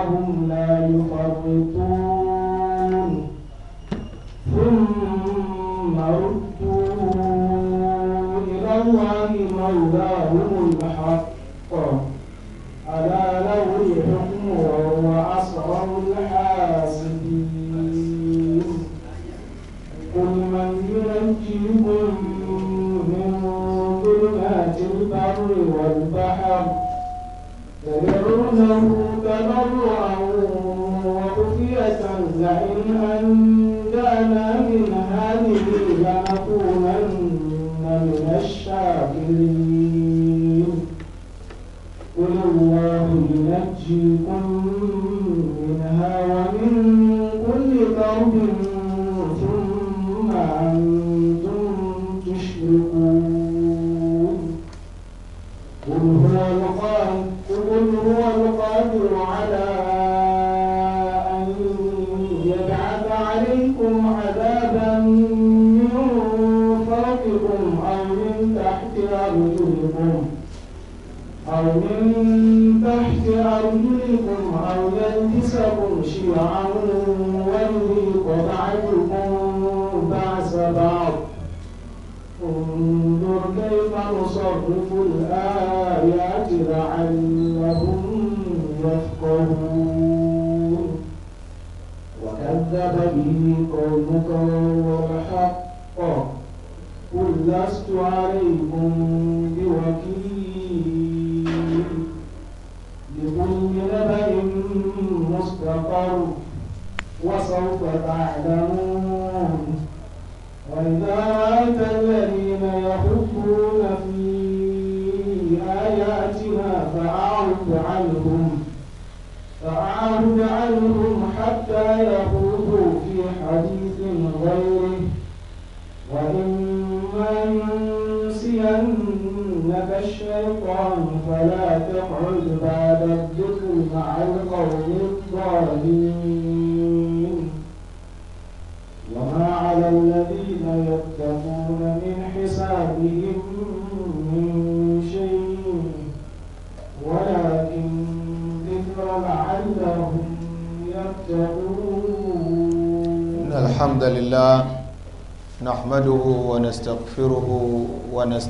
اللهم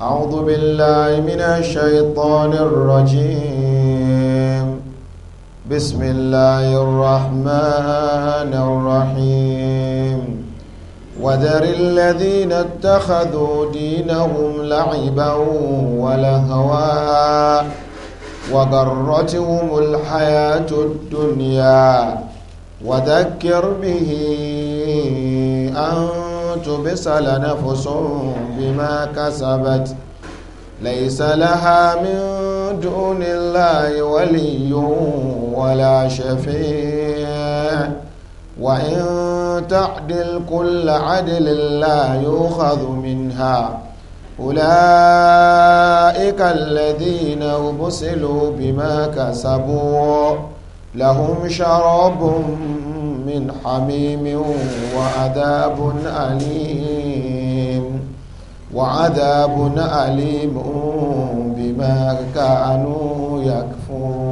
أعوذ بالله من الشيطان الرجيم بسم الله الرحمن الرحيم وذر الذين اتخذوا دينهم لعبا ولهوا وغرتهم الحياة الدنيا وذكر به أن تبصل نفس بما كسبت ليس لها من دون الله ولي ولا شفيع وإن تعدل كل عدل لا يؤخذ منها أولئك الذين أبسلوا بما كسبوا لهم شراب من حميم وعذاب أليم وعذاب أليم بما كانوا يكفرون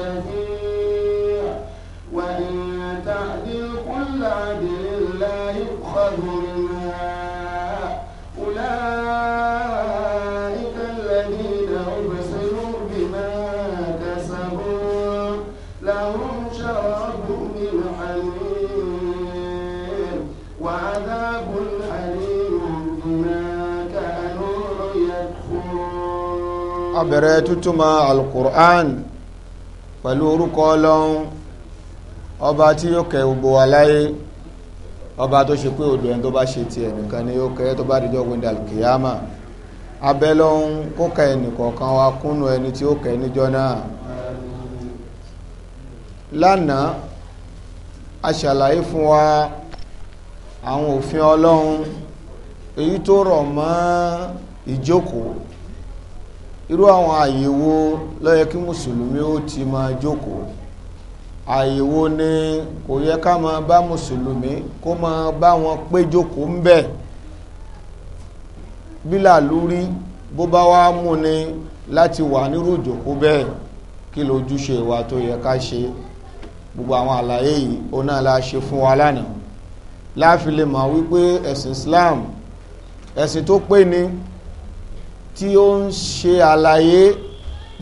شفيع وإن تعدل كل عدل لا يؤخذ منها أولئك الذين أبصروا بما كسبوا لهم شراب من حميم وعذاب حليم بما كانوا يكفرون أبريتتما القرآن pẹ̀lú orúkọ ọlọ́run ọba tí yóò kẹ́ gbogbo wa láyé ọba tó ṣe pé odò ẹni tó bá ṣe tiẹ̀ nìkan ni yóò kẹ́ tó bá dìjọ́ gbẹ̀ndà kìyàmà abẹ́lọ́hún kó kẹ́ ẹnìkọ̀ọ̀kan wa kúnnù ẹni tí ó kẹ́ níjọ́ náà lánàá a ṣàlàyé fún wa àwọn òfin ọlọ́run èyí tó rọ̀ mọ́ ìjókòó irú àwọn àyèwò ló yẹ kí mùsùlùmí ó ti máa jókòó àyèwò ni kò yẹ ká máa bá mùsùlùmí kó máa bá wọn pé jókòó ń bẹ̀ bílà lórí bó bá wá mú ni láti wà nírú ìjókòó bẹ́ẹ̀ kí lójúṣe wa tó yẹ ká ṣe gbogbo àwọn àlàyé yìí ó náà la ṣe fún wa lánàá láàfin lè mọ̀ wípé ẹ̀sìn Islam ẹ̀sìn tó pé ni tí ó ń ṣe àlàyé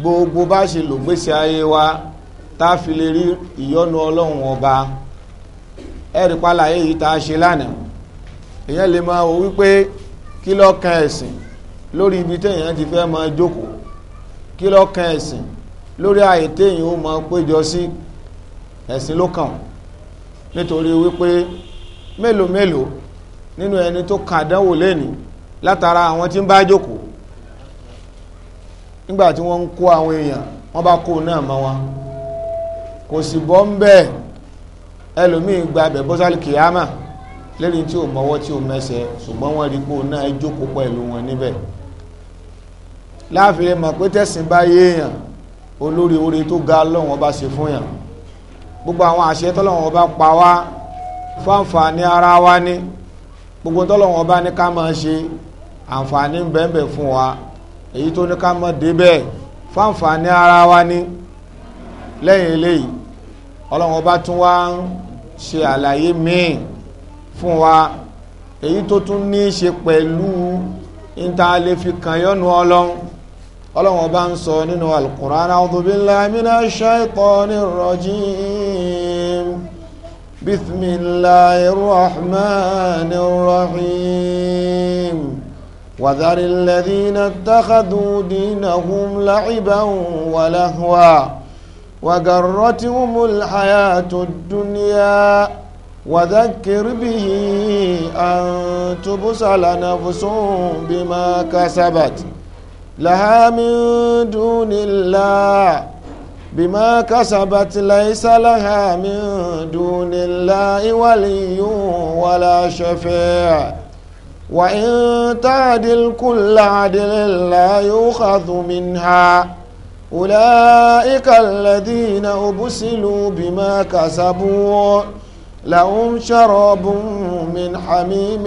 gbogbo bá ṣe lògbèsè ayé wa tá a fi lè rí ìyọ́nú ọlọ́run ọba ẹ̀rí pàlàyé yìí tá a ṣe lánàá èyàn lè máa wò wípé kí ló kan ẹ̀sìn lórí ibi téèyàn ti fẹ́ máa jókòó kí ló kan ẹ̀sìn lórí àyè téèyàn ó máa péjọ sí ẹ̀sìn ló nítorí wípé mélòó mélòó nínú ẹni tó kàn dánwò látara àwọn tí ń bá jókòó nígbà tí wọ́n ń kó àwọn èèyàn wọ́n bá kó náà mọ́ wọn kò sì bọ́ ń bẹ́ẹ̀ ẹlòmíì gba abẹ bọ́sálì kìámà lẹ́ni tí ò mọ́wọ́ tí ò mẹ́sẹ̀ ṣùgbọ́n wọ́n rí pé òun náà jókòó pẹ̀lú wọn níbẹ̀ láàfin mọ̀ pé tẹ̀sìn bá yéèyàn olórí oore tó ga lọ́wọ́n bá ṣe fún yàn gbogbo àwọn àṣẹ tọ́lọ́wọ́n bá pa wá fáǹfààní ara wa ní gbogbo tọ́lọ́wọ́n bá ní ká máa ṣe àǹfààní bẹ́ẹ̀ bẹ́ẹ̀ fún wa èyí tó ní ká mọ́ débẹ̀ fáǹfààní ara wa ní lẹ́yìn eléyìí ọlọ́run ọba tún wá ń ṣe àlàyé míì fún wa èyí tó tún ní í ṣe pẹ̀lú ìntàlẹ́fi kànyọ́nu ọlọ́run ọlọ́run ọba ń sọ nínú alukur'an a'udhu billahi minash shaitonir rajim bismillahir rahmanir rahim. وذر الذين اتخذوا دينهم لعبا ولهوا وغرتهم الحياة الدنيا وذكر به أن تبسل نفس بما كسبت لها من دون الله بما كسبت ليس لها من دون الله ولي ولا شفيع وإن تعدل كل عدل لا يؤخذ منها أولئك الذين أبسلوا بما كسبوا لهم شراب من حميم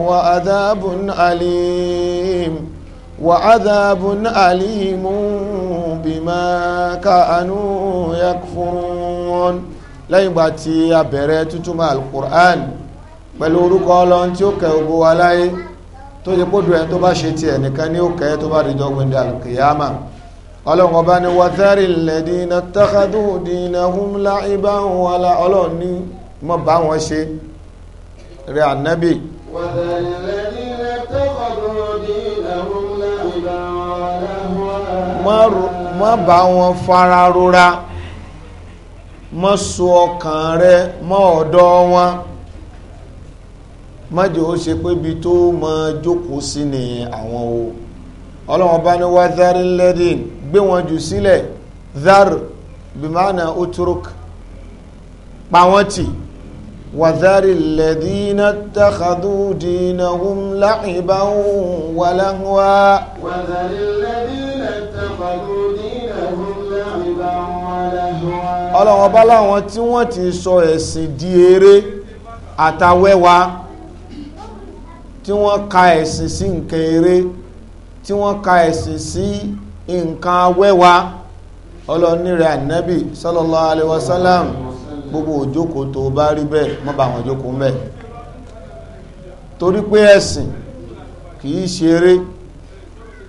وعذاب أليم وعذاب أليم بما كانوا يكفرون لا يبتي يا بيريت القرآن pẹ̀lú orúkọ ọlọ́run tí ó kẹ́ ogun wa láyé tó yẹ kó dùn ẹni tó bá ṣe ti ẹnìkan ní ó kẹ́ tó bá dìjọ gbẹ̀ndẹ̀ alkiyama ọlọ́run ọba ni wàtẹ́rì lẹ́dínà tẹ́kadù dínà húnlá ibà wọn la ọlọ́run ní mọ́ bá wọn ṣe rẹ ànábì wàtẹ́rì bá wọn fara rora má so ọkàn rẹ mọ́ ọ̀dọ̀ wọn mọ́jọ́ ó ṣe pé ibi tó mọ jókòó sí ni àwọn o ọlọ́wọ́n bá ní wá zari lẹ́dí gbé wọn jù sílẹ̀ zar bimana uturuk pa wọ́n tì wà zari takadu dina hum láìbá wà láhùwá. wà takadu dina hum láìbá wà ọlọ́wọ́n bá láwọn tí wọ́n ti sọ ẹ̀sìn di eré àtàwẹ́wàá. tí wọ́n ka ẹ̀sìn sí nǹkan eré tí wọ́n ka ẹ̀sìn sí nǹkan awẹ́wa ọlọ́nirẹ̀ ànábì sallallahu alaihi gbogbo ojoko tó bá rí bẹ́ẹ̀ mọ́ bá wọn jókòó mẹ́ torí pé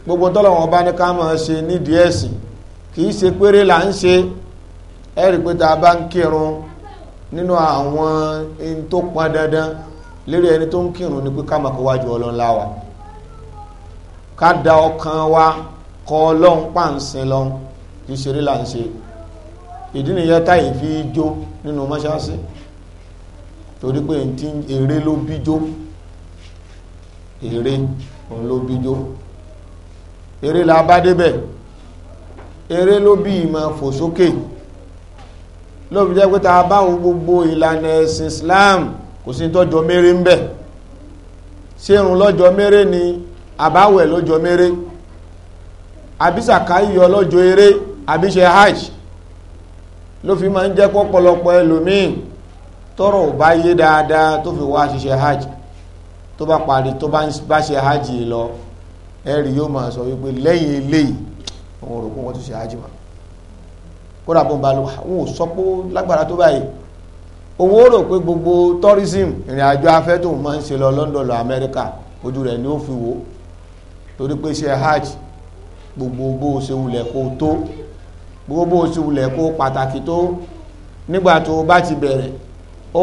gbogbo tọ́lọ̀wọ̀n bá ní ká máa ṣe nídìí ẹ̀sìn kìí ṣe péré là ń ṣe ẹ̀rí pé tá a bá ń kírun lérí ẹni tó ń kírun ni pé ká máa kó wájú ọlọ́run láwa ká da ọkàn wa kọ ọlọ́run pàǹsìn lọ́run kì í ṣeré là ń ṣe ìdí nìyẹn táyì fi jó nínú mọ́ṣáláṣí torí pé èrè ló bíjó èrè ló bíjó èrè la bá débẹ̀ èrè ló bí ìmọ̀ fò sókè ló fi jẹ́ pé ta bá gbogbo ìlànà ẹ̀sìn Islam. kò sí tọ́jọ́ seerun ń bẹ̀ ṣérun lọ́jọ́ méré ni àbáwẹ̀ lọ́jọ́ méré àbísàká yíyọ eré hajj ló fi máa ń jẹ́ pọ́pọ̀lọpọ̀ ẹlòmíì tọ́rọ̀ bá yé dáadáa tó fi wá ṣiṣẹ́ hajj tó bá parí tó bá ṣe hajj lọ ẹ̀rí yóò máa sọ wípé lẹ́yìn eléyìí òun rò pé wọ́n tún ṣe hajj mọ́ sọ owó rò pé gbogbo tourism ìrìn àjò afẹ́ tó máa ń ṣe lọ London lọ America ojú rẹ̀ ni ó fi wò torí pé ṣe hajj gbogbo bó ṣe wulẹ̀ kó tó gbogbo bó ṣe wulẹ̀ kó pàtàkì tó nígbà tó bá ti bẹ̀rẹ̀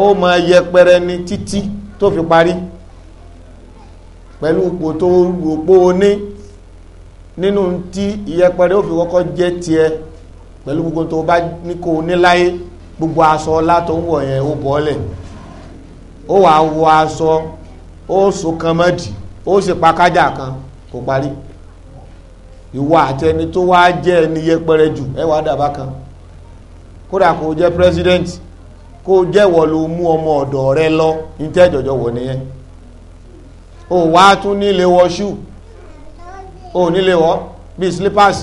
ó máa yẹpẹrẹ ní títí tó fi parí pẹ̀lú ipò tó rògbò ní nínú tí ìyẹpẹrẹ ó fi kọ́kọ́ jẹ́ tiẹ̀ pẹ̀lú gbogbo tó bá ní kó ní láyé gbogbo aṣọ ọlá tó ń wọ̀ yẹn ó bọ́ọ̀lẹ̀ ó wàá wọ aṣọ ó so kan mọ́dì ó sì pa kájà kan kò parí ìwọ àti tó wá jẹ́ ẹni yẹpẹrẹ jù ẹ wàá dàbá kan kódà kò jẹ́ president kó jẹ́wọ́ ló mú ọmọ ọ̀dọ̀ rẹ lọ ní tẹ́jọ̀jọ̀ wọ̀ nìyẹn o wá tún nílé wọ ṣú o nílé wọ bíi slippers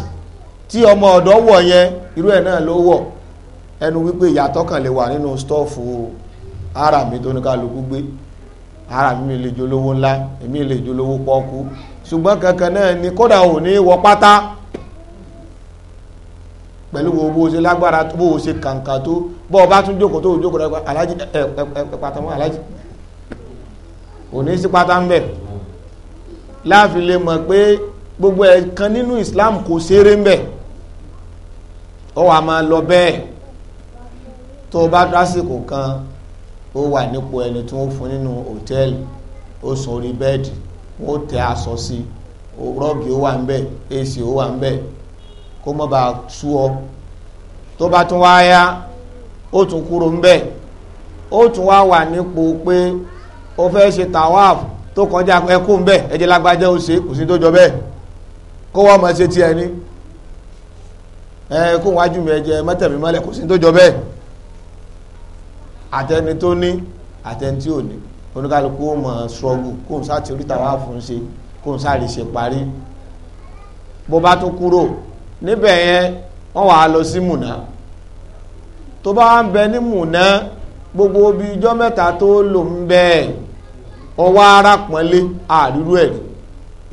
tí ọmọ ọ̀dọ̀ wọ̀ yẹn irú ẹ̀ náà ló wọ̀ ẹnu wípé ìyàtọ̀ kan lè wà nínú stọ́ọ̀fù ara mi tó ní kálukú gbé ara mi lè jolówó ńlá èmi lè jolówó pọ́ọ́kú ṣùgbọ́n kankan náà ni kódà ò ní wọ pátá pẹ̀lú gbogbo ṣe lágbára tó bó ṣe kàǹkà tó bọ́ ọba tún jókòó tó jókòó rẹ̀ alájí ẹ̀pàtàmọ́ alájí ò ní sí pátá ń bẹ̀ láàfin lè mọ̀ pé gbogbo ẹ̀kan nínú Islam kò ṣeré ń bẹ̀ ọ wà máa lọ bẹ́ẹ̀ tó o bá dásìkò kan ó wà nípò ẹni tó ń fún nínú hòtẹ́ẹ̀lì ó sùn orí bẹ́ẹ̀dì wọ́n tẹ aṣọ sí i rọ́ọ̀gì ó wà ń bẹ̀ ac ó wà ń bẹ̀ kó mọ́ bá sú ọ tó bá tún wá yá ó tún kúrò ń bẹ̀ ó tún wá wà nípò pé ó fẹ́ ṣe tawaf tó kọjá ẹkú ń bẹ̀ ẹjẹ lágbájá ó ṣe kò sí tó jọ bẹ́ẹ̀ kó wọ́n mọ̀ ṣe tiẹ̀ ní ẹ kó wájú mi ẹjẹ mọ́tẹ̀mí mọ́lẹ̀ kò sí tó jọ bẹ́ẹ̀ àtẹni tó ní àtẹni tí ò ní oníkálukú ó mọ̀ ṣọ́gù kó n sáà ti oríta wá fún un ṣe kó n sáà lè ṣe parí bó bá tó kúrò níbẹ̀ yẹn wọ́n wàá lọ sí mùnà tó bá ń bẹ ní mùnà gbogbo bí ijọ́ mẹ́ta tó lò ń bẹ ọwọ́ ara pọ́nlé àrírú ẹ̀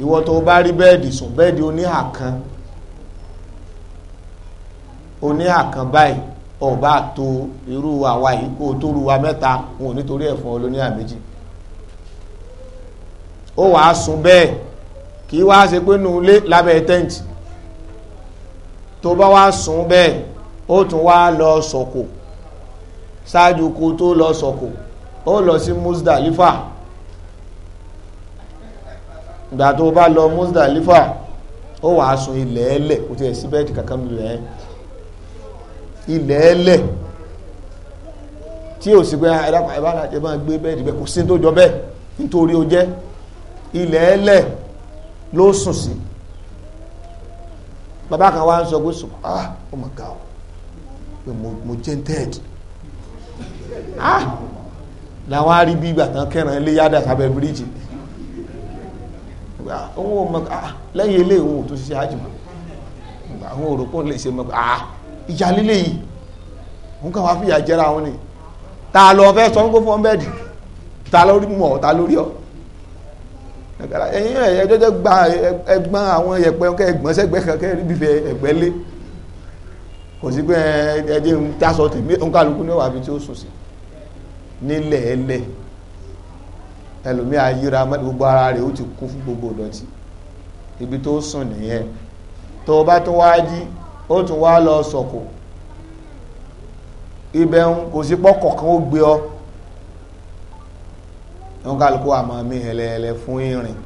ìwọ tó bá rí bẹ́ẹ̀dì sùn bẹ́ẹ̀dì oníhà kan oníhà kan báyìí ọba tó irú àwa yìí kó tó ru wa mẹ́ta wọn ò nítorí ẹ̀fọn olóníyà méjì ó wàá sùn bẹ́ẹ̀ kì í wá ṣe pé nù lé lábẹ́ tẹ́ǹtì tó bá wá sùn bẹ́ẹ̀ ó tún wá lọ sọ̀kò ṣáájú kó tó lọ sọ̀kò ó lọ sí Musdalifa ìgbà tó bá lọ Musdalifa ó wàá sùn ilẹ̀ ẹlẹ̀ kò tiẹ̀ sí bẹ́ẹ̀dì kankan lulẹ̀ ẹ́ ilẹ̀ ẹlẹ̀ tí ò sí pé ẹ̀dàpọ̀ ah, ẹ̀bára gbé bẹ́ẹ̀ dìbẹ̀ kò sí tó jọ bẹ́ẹ̀ nítorí ó jẹ́ ilẹ̀ ló sùn sí bàbá kan wá ń sọ pé sùn ah oh my god pé mo jẹ́ ah làwọn á rí bí ìgbà tán kẹran ilé yádà bíríìjì ah ilé àwọn òròpọ̀ lè ah ìjà líle yìí òun kàn wá fìyà jẹra àwọn ni ta lọ fẹ́ sọ fún kó fún ọ́nbẹ́ẹ̀dì ta lórí mọ̀ ta lórí ọ́ ẹ̀yìn rẹ̀ ẹjọ́jọ́ gba ẹgbọ́n àwọn ẹ̀pẹ́ ọkẹ́ ẹgbọ́n sẹ́gbẹ́ kankan rí bíbẹ̀ ẹ̀gbẹ́ lé kò sí pé ẹdí ń tásọ tèmi òǹkàlùkù ní ọ̀wà bí tí ó sùn sí nílẹ̀ ẹlẹ̀ ẹlòmí ayíra gbogbo ara rẹ̀ ó ti kú fún gbogbo ìdọ̀tí ibi tó sùn nìyẹn tó bá tó wá Otu tún lọ sọ̀kò ibẹ̀ ń kò sí pọ́kọ̀ kan ó gbé ọ wọn kálukú àmọ́ mi hẹlẹhẹlẹ fún irin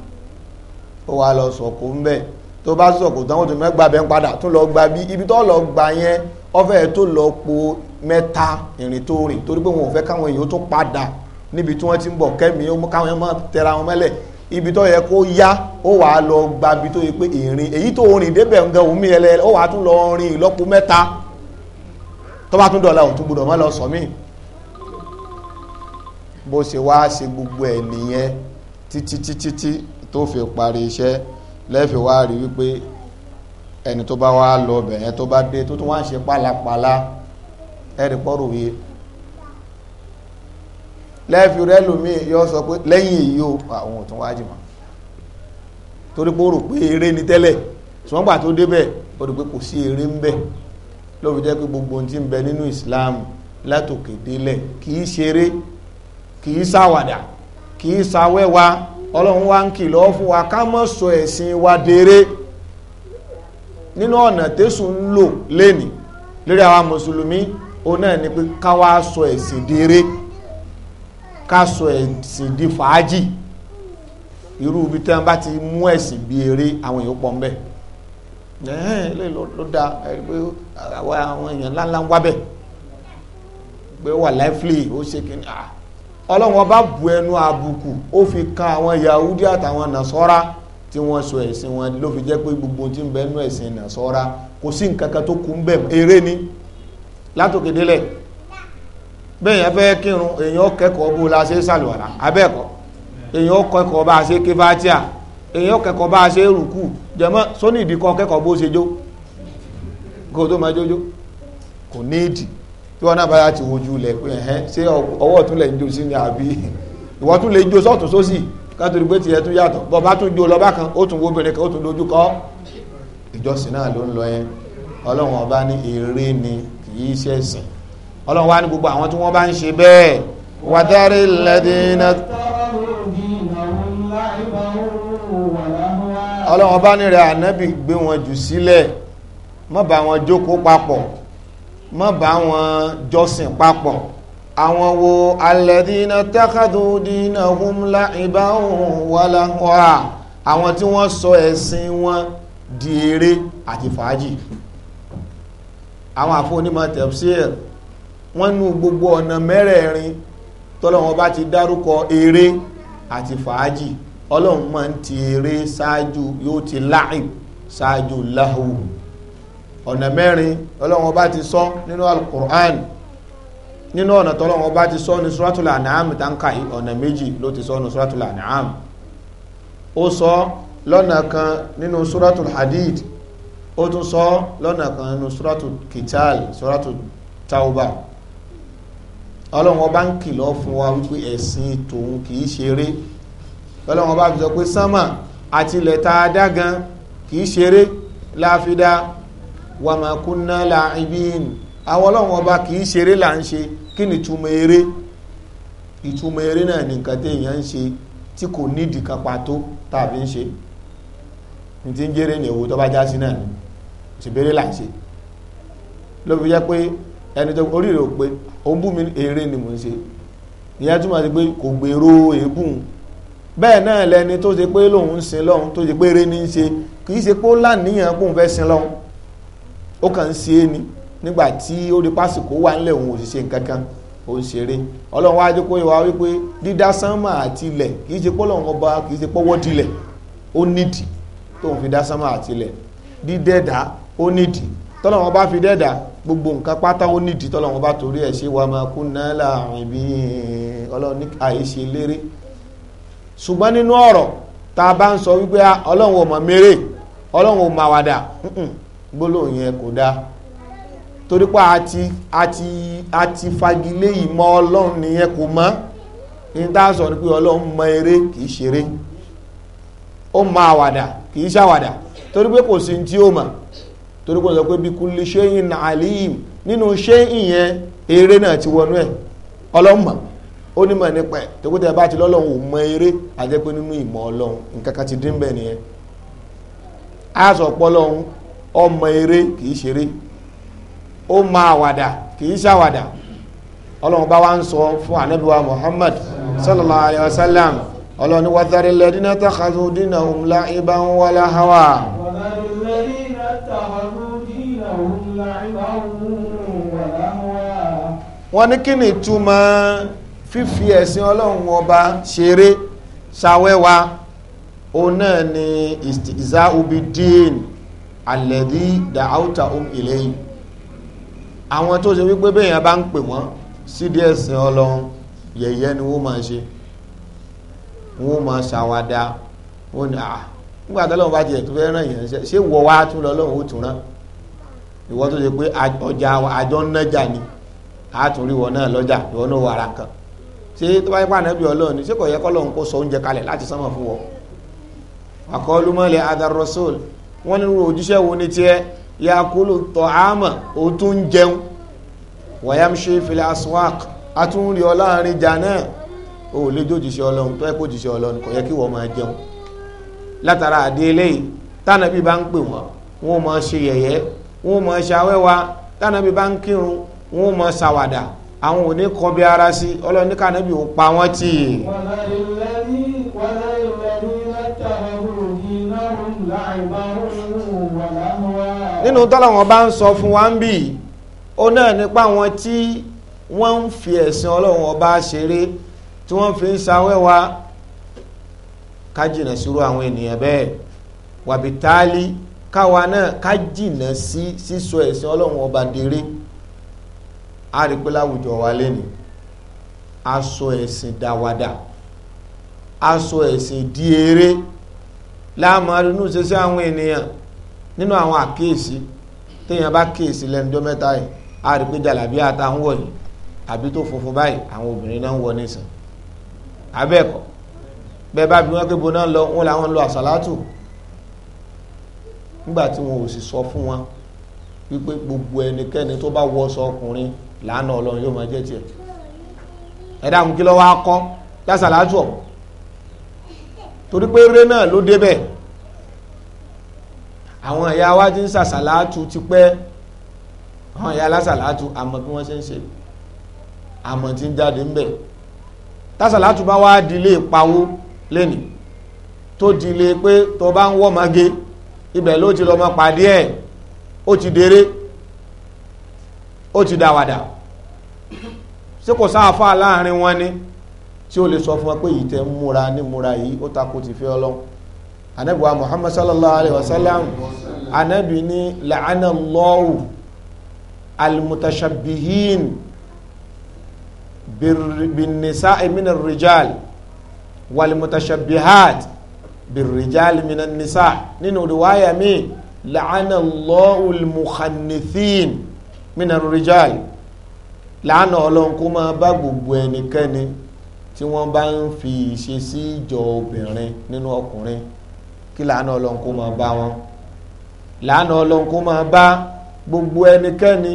ó wa lọ sọ̀kò ń bẹ̀ tó bá sọ̀kò tán ó tún mẹ́gbà ń padà lọ gba bí ibi tó lọ gba yẹn ọfẹ́ tó lọ po mẹ́ta irin tó rìn torí pé wọn ò fẹ́ káwọn èèyàn tó padà níbi tí ti ń bọ̀ kẹ́mi káwọn èèyàn máa tẹra wọn ibi tó yẹ kó yá ó wàá lọ gba ibi tó yẹ pé ìrìn èyí tó rìn débẹ̀ nǹkan òun mi ẹlẹ ó wàá tún lọ rìn ìlọ́po mẹ́ta tó bá tún dọ̀la òun tún gbọdọ̀ má lọ sọ mí bó ṣe wá ṣe gbogbo ẹ̀ nìyẹn títí títí tí tó fi parí iṣẹ́ lẹ́fì wá rí wípé ẹni tó bá wá lọ bẹ̀yẹn tó bá dé tó tún wá ṣe pálapàla ẹ̀rí pọ́rọ̀ yìí lẹ́ẹ̀fì rẹ lómi yọ sọ pé lẹ́yìn èyí o àwọn ò tún wá torí pé ó rò pé eré ni tẹ́lẹ̀ ṣùgbọ́n gbà tó débẹ̀ ó rò pé kò sí eré ń bẹ̀ ló fi jẹ́ pé gbogbo ohun tí ń bẹ nínú Islam látòkè délẹ̀ kì í ṣeré kì í ṣàwàdà kì í ṣawẹ́wà ọlọ́run wa ń kìlọ̀ fún wa ká mọ̀ sọ ẹ̀sìn wa dèrè nínú ọ̀nà tẹ́sù ń lò lẹ́nì lórí àwa mùsùlùmí òun náà ni pé ká wá sọ ẹ̀sìn dèrè ká sọ ẹ̀sìn di fàájì irú ibi tí wọ́n bá ti mú ẹ̀sìn bí eré àwọn èèyàn pọ̀ ń bẹ̀ ẹ̀hẹ́n lè ló da ẹ̀rí pé àwọn èèyàn ńláńlá ń wá bẹ̀ pé wà láìflè ó ṣe kíní à ọlọ́run ọba bu ẹnu àbùkù ó fi kan àwọn Yahudi àtàwọn Nasara tí wọ́n sọ ẹ̀sìn wọn ló fi jẹ́ pé gbogbo tí ń bẹ nú ẹ̀sìn Nasara kò sí nǹkan kan tó kù ń bẹ̀ eré ni látòkèdélẹ̀ bẹ́ẹ̀ yẹn fẹ́ kírun èèyàn kẹ́kọ̀ọ́ bó la ṣe sàlùwàlà abẹ́ẹ̀kọ́ èèyàn kẹ́kọ̀ọ́ bá a ṣe ké èèyàn kẹ́kọ̀ọ́ bá a ṣe rùkù jẹ̀mọ́ sóní ìdí kan kẹ́kọ̀ọ́ bó ṣe jó kó tó máa jójó kò ní ìdí tí wọn náà bá ni àbí tún lè jó sósì kátólì pé tiẹ̀ tún yàtọ̀ bọ́ bá tún jó ó tún kan ó tún kọ́ ni kì í ṣẹ̀sìn ọlọ́run wá ní gbogbo àwọn tí wọ́n bá ń ṣe bẹ́ẹ̀ wàtárí lẹ́dínà ọlọ́run bá ní rẹ̀ ànábì gbé wọn jù sílẹ̀ má bá wọn jókòó papọ̀ má bá wọn jọ́sìn papọ̀ àwọn wo alẹ́dínà tákàdù dínà húnlá ìbáhùn wàláhùn àwọn tí wọ́n sọ ẹ̀sìn wọn di eré àti fàájì àwọn àfọ onímọ̀ tẹ̀síẹ̀rì wọ́n nu gbogbo ọ̀nà mẹ́rẹ̀ẹ̀rin tọ́lọ́wọ́n bá ti dárúkọ eré àti fàájì ọlọ́run máa ń ti eré ṣáájú yóò ti láìb ṣáájú láhù ọ̀nà mẹ́rin ọlọ́run bá ti sọ nínú alukur'an nínú ọ̀nà tọ́lọ́run bá ti sọ ní suratul an'am táǹkà ọ̀nà méjì ló ti sọ ní suratul an'am ó sọ lọ́nà kan nínú suratul hadid ó tún sọ lọ́nà kan nínú suratul kital suratul tauba ọlọ́run ọba ń kìlọ̀ fún wa wípé ẹ̀sìn tòun kì í ṣeré ọlọ́run ọba sọ pé sánmà àti ilẹ̀ tá a dá gan kì í ṣeré láfidá wàmàkúnná làìbíìn àwọn ọlọ́run ọba kì í ṣeré là ń ṣe kí ni ìtumọ̀ eré ìtumọ̀ eré náà ní nǹkan téèyàn ń ṣe tí kò nídìí kan pàtó tàbí ń ṣe ní ń jẹ́rẹ́ ní owó tó bá já sí náà ni òṣèbéré là ń ṣe ló jẹ́ pé ẹni tó orí rẹ̀ ò pé òun bú mi eré ni mò ń ṣe ìyá túmọ̀ sí pé kò gbèrò èébù bẹ́ẹ̀ náà lẹni tó ṣe pé lòun ń sin lọ́hun tó ṣe pé eré ní í ṣe kì ṣe pé ó láníyàn kó fẹ́ sin lọ́hun ó kàn ń ṣe é ni nígbà tí ó di pásìkò wà nílẹ̀ òun ò sì ṣe nǹkan kan ó ń ṣeré ọlọ́run wá jẹ́ kó yẹ wá wípé dídá sánmà àti ilẹ̀ kì ṣe pé ọlọ́run ọba kì ṣe pọ́wọ́ dilẹ̀ ó nídìí tóun fi dá sánmà àti ilẹ̀ dídẹ́dá ó nídìí tọ́lọ́wọ́n bá fi dẹ́dà gbogbo nǹkan pátá ó torí ẹ̀ ṣe wà máa kú náà láàrin bí ọlọ́run ní àìṣe léré ṣùgbọ́n nínú ọ̀rọ̀ tá a bá ń sọ wípé ah, ọlọ́run ò mọ̀ ọlọ́run ò mọ̀ àwàdà gbólóhùn yẹn kò dáa torí fagilé ìmọ̀ ọlọ́run nìyẹn kò mọ́ ní tá torí kò sọ pé bí kulli shay'in alim nínú shay'in yẹn eré náà ti wọnú ẹ̀ ọlọ́mọ ó nímọ̀ nípa ẹ̀ tó kó tẹ bá ti lọ́lọ́run ò mọ eré nínú ìmọ̀ nǹkan kan ti dín bẹ́ẹ̀ nìyẹn á sọ ọmọ eré kì í ṣeré ó mọ àwàdà kì í ṣàwàdà ọlọ́run bá ń sọ fún anábíwá Muhammad sallallahu alayhi wa wọ́n ní kí ni ìtumọ̀ fífi ẹ̀sìn ọlọ́run ọba ṣeré ṣàwẹ́wà òun náà ni ìzá ubi dín alẹ́dí dàáútà um ìlẹ́yìn àwọn tó ṣe wípé bẹ́yàn bá ń pè wọ́n sídi ẹ̀sìn ọlọ́run yẹ̀yẹ́ ni wọ́n máa ṣe wọ́n máa ṣàwádà wọ́n ní à ah, nígbà tó lọ́wọ́ bá tiẹ̀ tó fẹ́ ràn yẹn ṣe wọ́ wá tún lọ́lọ́run ó tún rán ìwọ́n tó ṣe pé ọjà àjọ ń nájà ni àtúrí wọn náà lọ́jà ìwọ náà wàrà kan ṣé tó bá yẹ pé ànábì ọlọ́run ni ṣé kò yẹ kọ́ lọ́run kó sọ oúnjẹ kalẹ̀ láti sánmọ̀ fún wọn. àkọlùmọ́lẹ̀ adarosol wọ́n ní òjíṣẹ́ wo ni tiẹ̀ ya kúlù tọ́ àmọ̀ o tún jẹun wàyámṣe filẹ̀ aswak atúnrí ọlọ́run jà náà ó lè jójìṣẹ́ ọlọ́run tó yẹ kó jìṣẹ́ ọlọ́run kò yẹ kí wọ́n máa jẹun látara àdéhélé tánàbí bá ń pè wọ́n wọ́n máa ṣe yẹ̀yẹ́ wọ́n máa ṣe awẹ́wà tánàbí bá ń kírun wọn ò mọ ṣàwàdà àwọn ò ní kọ bí ara sí ọlọ́run ní kànábì ò pa wọ́n tì í. nínú tọ́lọ́wọ́n bá ń sọ fún wa ń bì ó náà nípa wọn tí wọ́n ń fi ẹ̀sìn ọlọ́run ọba ṣeré tí wọ́n fi ń sawẹ́wà ká jìnà sírú àwọn ènìyàn bẹ́ẹ̀ wàbí táálí káwa náà ká jìnà sí sísọ ẹ̀sìn ọlọ́run ọba déré a rí pé láwùjọ wa lẹ́nu aṣọ ẹ̀sìn dáwadà aṣọ ẹ̀sìn di eré láàmú arínú ṣẹṣẹ àwọn ènìyàn nínú àwọn àkíyèsí téèyàn bá kíyèsí lẹ́nu ọjọ́ mẹ́ta yìí a rí pé jàlábí àtàwọn wọ̀nyí àbí tó funfun báyìí àwọn obìnrin náà ń wọ nísìn abẹ́ẹ̀kọ́ bẹ́ẹ̀ bá bí wọ́n kébo náà lọ wọn làwọn lo àṣàlátù nígbà tí wọn ò sì sọ fún wọn wípé gbogbo ẹnikẹ́ni tó bá wọ ọsọ ọkùnrin làánà ọlọ́run yóò máa jẹ́ tiẹ̀ ẹ̀dá àwọn kí ló wá kọ́ lásàlátù ọ̀ torí pé eré náà ló débẹ̀ àwọn ẹ̀yà wa ń sàṣàlátù ti pẹ́ àwọn ẹ̀yà lásàlátù àmọ́ bí wọ́n ṣe ń ṣe àmọ́ ti ń jáde ńbẹ̀ lásàlátù bá wá di ilé ìpawó lẹ́nì tó di ilé pé tó bá ń wọ́ mage ibẹ̀ ló ti lọ́mọ pàdé ẹ̀ ó ti dèrè ó ti dáwàdà ṣé kò sáàfà láàrin wọn ni tí ó lè sọ fún wọn pé yìí tẹ ń múra ní múra yìí ó takò ti fẹ́ ọlọ́run anabi wa muhammad sallallahu alayhi wa sallam anabi ni la'ana allahu almutashabbihin بالنساء من الرجال والمتشبهات بالرجال من النساء نينو رواية مين لعن الله المخنثين minar rijal lánà ọlọ́run kó máa bá gbogbo ẹnikẹ́ni tí wọ́n bá ń fi ìṣe sí ìjọ obìnrin nínú ọkùnrin kí lánà ọlọ́run kó máa bá wọn lánà ọlọ́run kó máa bá gbogbo ẹnikẹ́ni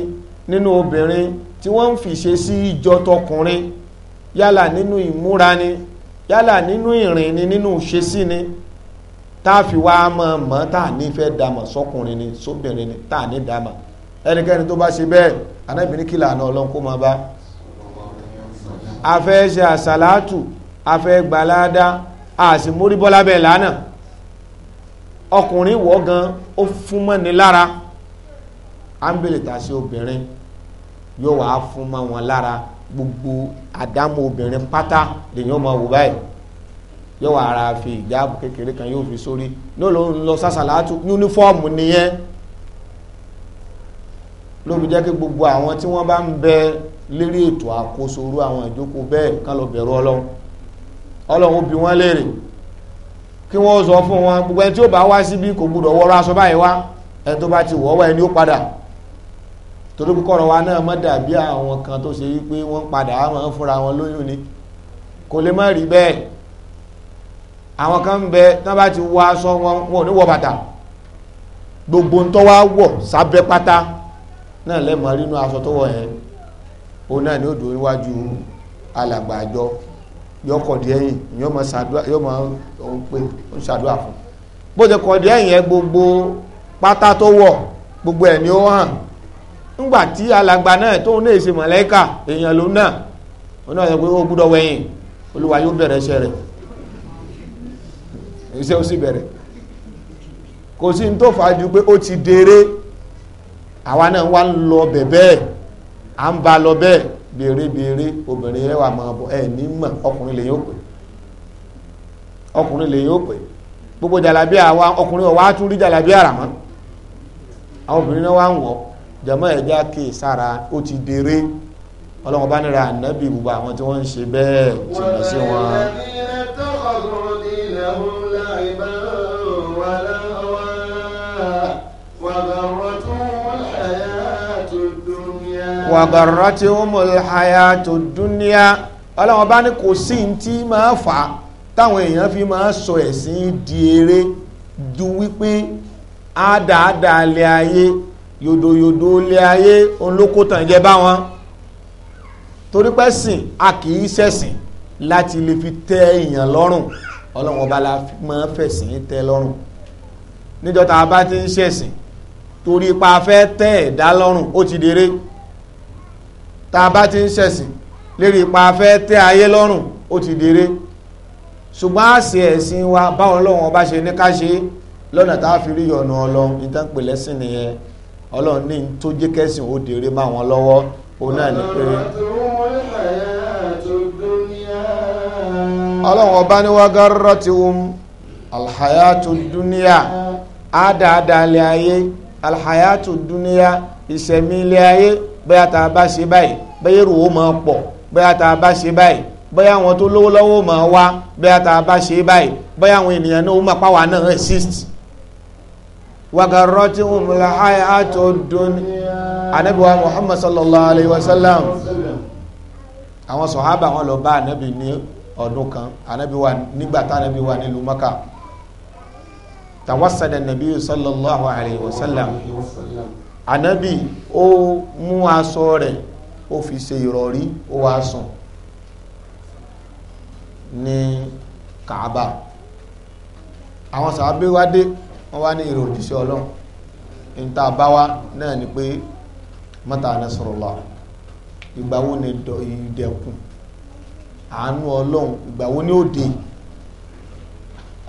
nínú obìnrin tí wọ́n ń fi ìṣe sí ìjọ tọkùnrin yálà nínú ìmúra ni yálà nínú ìrìn ni nínú ìṣesí ni tá a fi wá mọ̀ mọ́ tá a ní dàmọ̀ sọkùnrin ni sóbìnrin ni tá a ní dàmọ̀ ẹnikẹ́ni tó bá ṣe bẹ́ẹ̀ anábì ní kìlà náà ọlọ́run kó máa bá afẹ́ ṣe àṣàlátù afẹ́ gbalada àṣìmóríbọ́lá bẹ́ẹ̀ lánàá ọkùnrin wọ́ gan ó fún mọ́ ni lára ámbélé tà sí obìnrin yóò wá fún mọ́ wọn lára gbogbo àdámọ́ obìnrin pátá lèyìn ọmọ wò báyìí yóò wá ara fi ìjáàbù kékeré kan yóò fi sórí ní olóhùn lọ sásàlátù yúnífọ́ọ̀mù nìyẹn ló fi jẹ́ kí gbogbo àwọn tí wọ́n bá ń bẹ lérí ètò àkóso orú àwọn ìjókòó bẹ́ẹ̀ kán lọ bẹ̀rù ọlọ́run ọlọ́run ó bi wọ́n léèrè kí wọ́n sọ fún wọn gbogbo ẹni tí ó bá wá síbí kò gbọdọ̀ wọ́rọ̀ aṣọ báyìí wá ẹni tó bá ti wọ́ wá ẹni ó padà torí pé kọ̀rọ̀ wa náà má dàbí àwọn kan tó ṣe wípé wọ́n padà á máa ń fúnra wọn lóyún ni kò lè má rí bẹ́ẹ̀ àwọn kan ń bẹ tán bá ti wọ aṣọ wọn wọn ò ní wọ bàtà gbogbo ń tọ́ wá wọ̀ sábẹ́ pátá náà lẹ́mọ̀ rínú aṣọ tó wọ̀ yẹn o náà ni ó dùn níwájú alàgbà àjọ yọkọ̀ díẹ̀ yìn yọ mọ ṣàdúrà yọ mọ òun pé ó ń ṣàdúrà fún bó ṣe kọ̀ díẹ̀ yìn yẹn gbogbo pátá tó wọ̀ gbogbo ẹ̀ ni ó hàn ńgbà tí alàgbà náà tóun náà ṣe mọ̀lẹ́kà èèyàn ló náà òun náà sọ pé ó gbúdọ̀ wẹ̀yìn olúwa yóò bẹ̀rẹ̀ iṣẹ́ rẹ̀ iṣẹ́ ó sì bẹ̀rẹ̀ kò sí ní tó fàájú pé ó ti dèrè àwa náà wá ń lọ bẹ̀bẹ̀ à ń ba lọ bẹ́ẹ̀ béèrè béèrè obìnrin ẹ wà máa bọ̀ ẹ ní mọ̀ ọkùnrin lè yóò pè ọkùnrin lè yóò pè gbogbo jàlábíà wa ọkùnrin ọ̀wá tún rí jàlábíà rà mọ́ àwọn obìnrin náà wá ń wọ̀ jẹ̀mọ́ ẹ̀já kì í sára ó ti dèrè ọlọ́run bá nira ànábì gbogbo àwọn tí wọ́n ń ṣe bẹ́ẹ̀ jìnnà sí wọn. wàgọ̀rọ̀ tí ó mọ̀ ẹ̀háyà tó dúnníà ọlọ́wọ́n bá ní kò sí tí máa fà á táwọn èèyàn fi máa sọ ẹ̀sìn di eré ju wípé àádáadáa lé ayé yòdòyòdò lé ayé olókòtàn jẹ báwọn torí pé sìn a kì í ṣẹ̀sìn láti lè fi tẹ́ èèyàn lọ́rùn ọlọ́wọ́n bá la máa fẹ̀sìn tẹ́ lọ́rùn níjọ́ bá ti ń ṣẹ̀sìn torí pa fẹ́ tẹ́ ẹ̀dá lọ́rùn ó ti dèrè tá ti ń ṣẹ̀sìn lérí ipa afẹ́ tẹ́ ayé lọ́rùn ó ti dèrè ṣùgbọ́n àṣẹ ẹ̀sìn wa báwọn ọlọ́run ọba ṣe ní ká ṣe lọ́nà tá a fi rí ọ̀nà ọlọ́run ìtànpè lẹ́sìn nìyẹn ọlọ́run ní tó jẹ́ kẹ́sìn ó dèrè báwọn lọ́wọ́ òun náà ní pé ọlọ́run ọba ní wágárọ́ ti wọ́n alhayatu duniya àádáadáa ayé alhayatu duniya ìṣẹ̀mí ayé bẹ́ẹ̀ tá bá ṣe báyìí bẹ́ẹ̀ rò ó máa pọ̀ bẹ́ẹ̀ tá a bá ṣe báyìí bẹ́ẹ̀ àwọn tó lówó lọ́wọ́ máa wá bẹ́ẹ̀ tá a bá ṣe báyìí bẹ́ẹ̀ àwọn ènìyàn náà ó máa pàwọ́ náà exist. wàgàrọ́ tí wọn mú ayé àtọ̀ dùn anábìwá Muhammad sallallahu alayhi wa sallam àwọn sọ̀hábà wọn lọ bá anábì ní ọdún kan anábì wà nígbà tá anábì wà nílùú Mákà tawasada nabi sallallahu alayhi wa sallam anabi ó mú aṣọ rẹ̀ ó fi ṣe ìrọ̀rí ó wá sùn ní Kaaba àwọn sàábé wá dé wọ́n wá ní ìrò òjíṣẹ́ Ọlọ́run níta bá wá náà ni pé mata nasrullah ìgbàwo ni ìdẹ̀kùn àánú Ọlọ́run ìgbàwo ni òde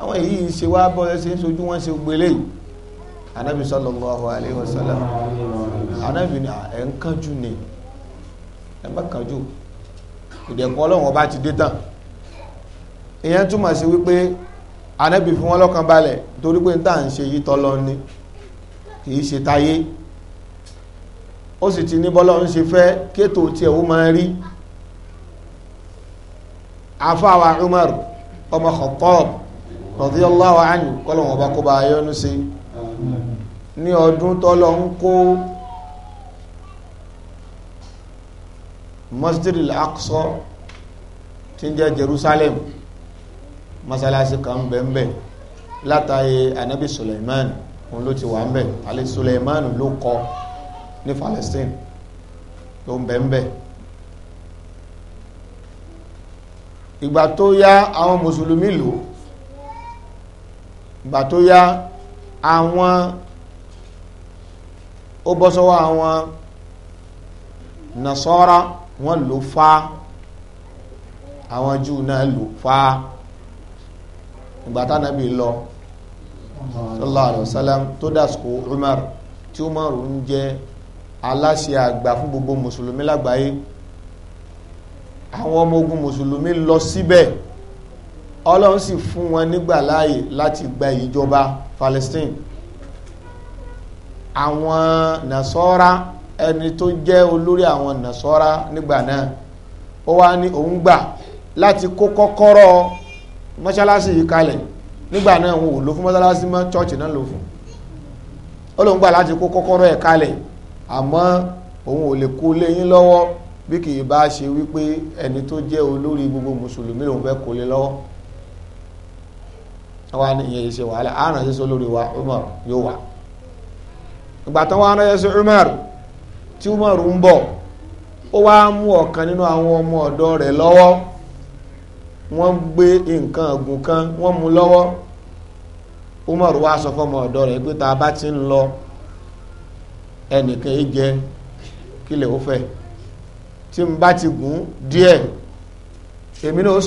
àwọn èyí ṣe wá bọ́ ẹsẹ̀ ń sojú ṣe gbélé anábì sallallahu alaihi wasallam anábì ní ẹ̀ńkánjú ni ẹ má kánjú ìdẹ̀kùn ọlọ́run ọba ti dé tán ìyẹn túmọ̀ sí wípé anábì fún wọn lọ́kàn balẹ̀ torí pé tá à ń ṣe yí tọ́lọ ni kì í ṣe táyé ó sì ti ní bọ́lọ́ ń ṣe fẹ́ kéètò tí ẹ̀wọ́ máa rí afáwa Umar ọmọ Khattab radiyallahu anhu kọ́lọ̀ wọn bá kó bá yọ́nú sí ní ọdún tọ́lọ ń kó masjid al-aqsa tí ń jẹ́ jerusalem masalasi kan bẹ́ẹ̀nbẹ́ látàyè anabi suleiman òun ló ti wà ń bẹ̀ alẹ́ suleiman ló kọ́ ní palestine tó ń bẹ́ẹ̀nbẹ́ ìgbà tó yá àwọn mùsùlùmí lò ìgbà tó yá àwọn ó bọ́ sọ́wọ́ àwọn nasara wọ́n lò fá àwọn júù náà lò fá ìgbà tánábì lọ sallallahu alayhi wa sallam tó dàsìkò Umar tí Umar ń jẹ́ aláṣẹ àgbà fún gbogbo mùsùlùmí lágbàáyé àwọn ọmọ ogun mùsùlùmí lọ síbẹ̀ ọlọ́run sì fún wọn nígbà láàyè láti gba ìjọba Palestine àwọn nàṣọ́ra ẹni tó jẹ́ olórí àwọn nàṣọ́ra nígbà náà ó wá ní òun gbà láti kó kọ́kọ́rọ́ mọ́ṣáláṣí yìí kalẹ̀ nígbà náà wọn ò lò fún mọ́ṣáláṣí mọ́ chọ́ọ̀chì náà lò fún ó lòun gbà láti kó kọ́kọ́rọ́ ẹ̀ kalẹ̀ àmọ́ òun ò lè kó lé yín lọ́wọ́ bí kì í bá ṣe wípé ẹni tó jẹ́ olórí gbogbo mùsùlùmí lòun fẹ́ kó lé lọ́wọ́ wa ni ìyẹn ṣe wàhálà àrùn àṣẹṣe olórí wa Umar yóò wà ìgbà tán wà ránṣẹ́ sí Umar tí Umaru ń bọ̀ ó wá mú ọ̀kan nínú àwọn ọmọ ọ̀dọ́ rẹ̀ lọ́wọ́ wọ́n gbé nǹkan ọ̀gùn kan wọ́n mú lọ́wọ́ Umaru wá sọ ọmọ ọ̀dọ́ rẹ̀ pé bá ti ń lọ ẹnìkan yìí kí lè ó fẹ́ tí n bá ti gùn díẹ̀ èmi náà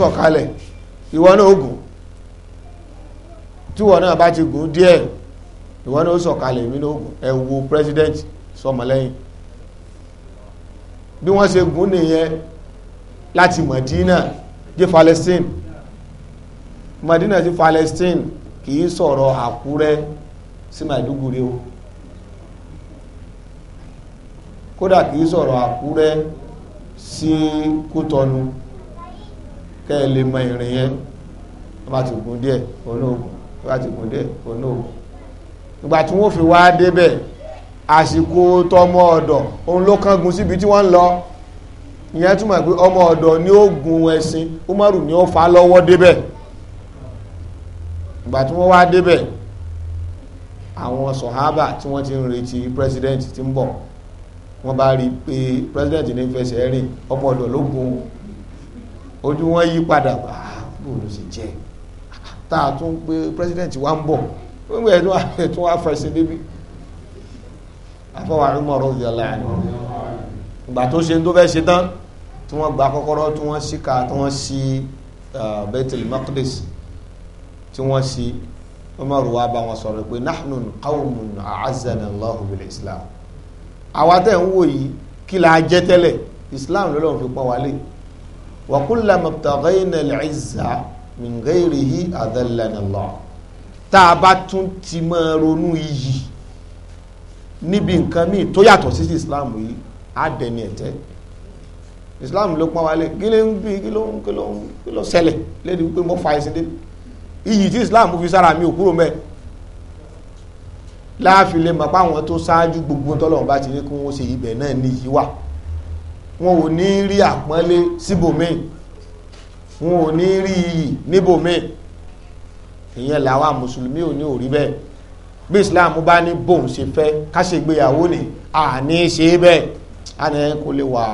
ìwọ náà ó gùn náà bá ìwọ náà èmi náà ó gùn wo bí wọ́n ṣe gùn nìyẹn láti Madina dé Palestine Madina sí Palestine kì í sọ̀rọ̀ Àkúrẹ́ sí Maiduguri o kódà kì í sọ̀rọ̀ Àkúrẹ́ sí Kútọnu kẹ́ ẹ lè mọ ìrìn yẹn wọ́n bá díẹ̀ onóògùn wọ́n wọ́n fi wá débẹ̀ àsìkò tọmọ ọ̀dọ̀ òun ló kángun síbi tí wọ́n ń lọ ìyẹn túmọ̀ pé ọmọ ọ̀dọ̀ ni ó gun ẹṣin Umaru ni ó fa lọ́wọ́ débẹ̀ ìgbà tí wọ́n wá débẹ̀ àwọn sọ̀hábà tí wọ́n ti ń retí president ti ń bọ̀ wọ́n bá rí i pé president ní fẹsẹ̀ rìn ọmọ ọ̀dọ̀ ló gun ojú wọn yí padà bó ló ṣe jẹ́ tá a tún pé president wa ń bọ̀ wọ́n gbé ẹ̀tún wá fẹsẹ̀ débi àfọwọ́ Umar radiyallahu anhu ìgbà tó ṣe tó fẹ́ ṣe tán tí wọ́n gba kọ́kọ́rọ́ tí wọ́n ṣíka tí wọ́n ṣí Baitul Maqdis tí wọ́n ṣí Umar wa bá wọn sọ̀rọ̀ pé nahnu qawmun a'azzana Allahu bil Islam àwa tẹ̀ ń wò yìí kí la jẹ́ tẹ́lẹ̀ Islam ló lọ́n fi pọ́n wálé wa kullama ibtaghayna al-izza min ghayrihi tá a bá tún ti máa ronú iyì níbi nǹkan míì tó yàtọ̀ sí islam yìí á dẹni ẹ̀tẹ́ islam ló pọ́n wálé kí ló ń bí kí ló ń kí ló ń kí ló ṣẹlẹ̀ lédi pé mo fa ẹ̀sìn dé iyì tí islam fi sára mi ò kúrò mẹ́ẹ̀ láàfin lè mọ̀ páwọn tó ṣáájú gbogbo tọ́lọ́run bá ti ní kí wọ́n ṣe ibẹ̀ náà ní yìí wà wọn ò ní rí àpọ́nlé síbòmíì wọn ò ní rí iyì níbòmíì ìyẹn làwa mùsùlùmí ò ní òrí bẹ́ẹ̀ bí islam bá ní bóun ṣe fẹ́ ká ṣe gbéyàwó ni àní ṣe bẹ́ẹ̀ àní kò lè wà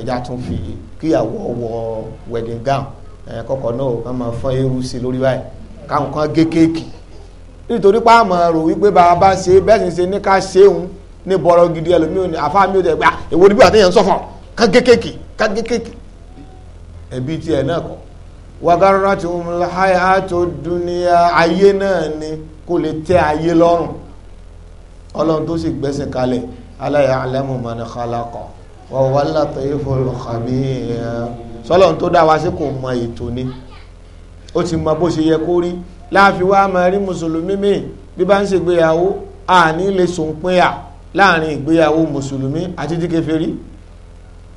ẹja tún fi kíyàwó wọ wedding gown kọkọ náà wọn máa fọ́n eérú sí lórí báyìí káwọn kan gé kéèkì nítorí pé àmọ́ rò wípé bá a bá ṣe bẹ́ẹ̀ sì ṣe ní ká ṣéun ní bọ̀rọ̀ gidi ẹlòmíì ní àfa mi ò tẹ̀ gbà èwo ni bí wàá tẹ̀yàn sọ̀fọ̀ ká gé kéèkì ká gé kéèkì ẹ̀bí tiẹ̀ náà kọ́ wàgárọ́rọ́ ti ń láyà tó dúnìyà ayé náà ni kó lè tẹ́ ayé lọ́rùn ọlọ́run tó sì gbẹ́sẹ̀ kalẹ̀ ala ya'lamu man khalaqa wa huwa al-latiful khabir sọlọ́run tó dá wa sí kò mọ ètò ni ó ti mọ bó ṣe yẹ kó rí láàfin wa máa rí mùsùlùmí mi bí bá ń ṣègbéyàwó àní lè sòǹpinyà láàrin ìgbéyàwó mùsùlùmí àti díkẹfẹ́rí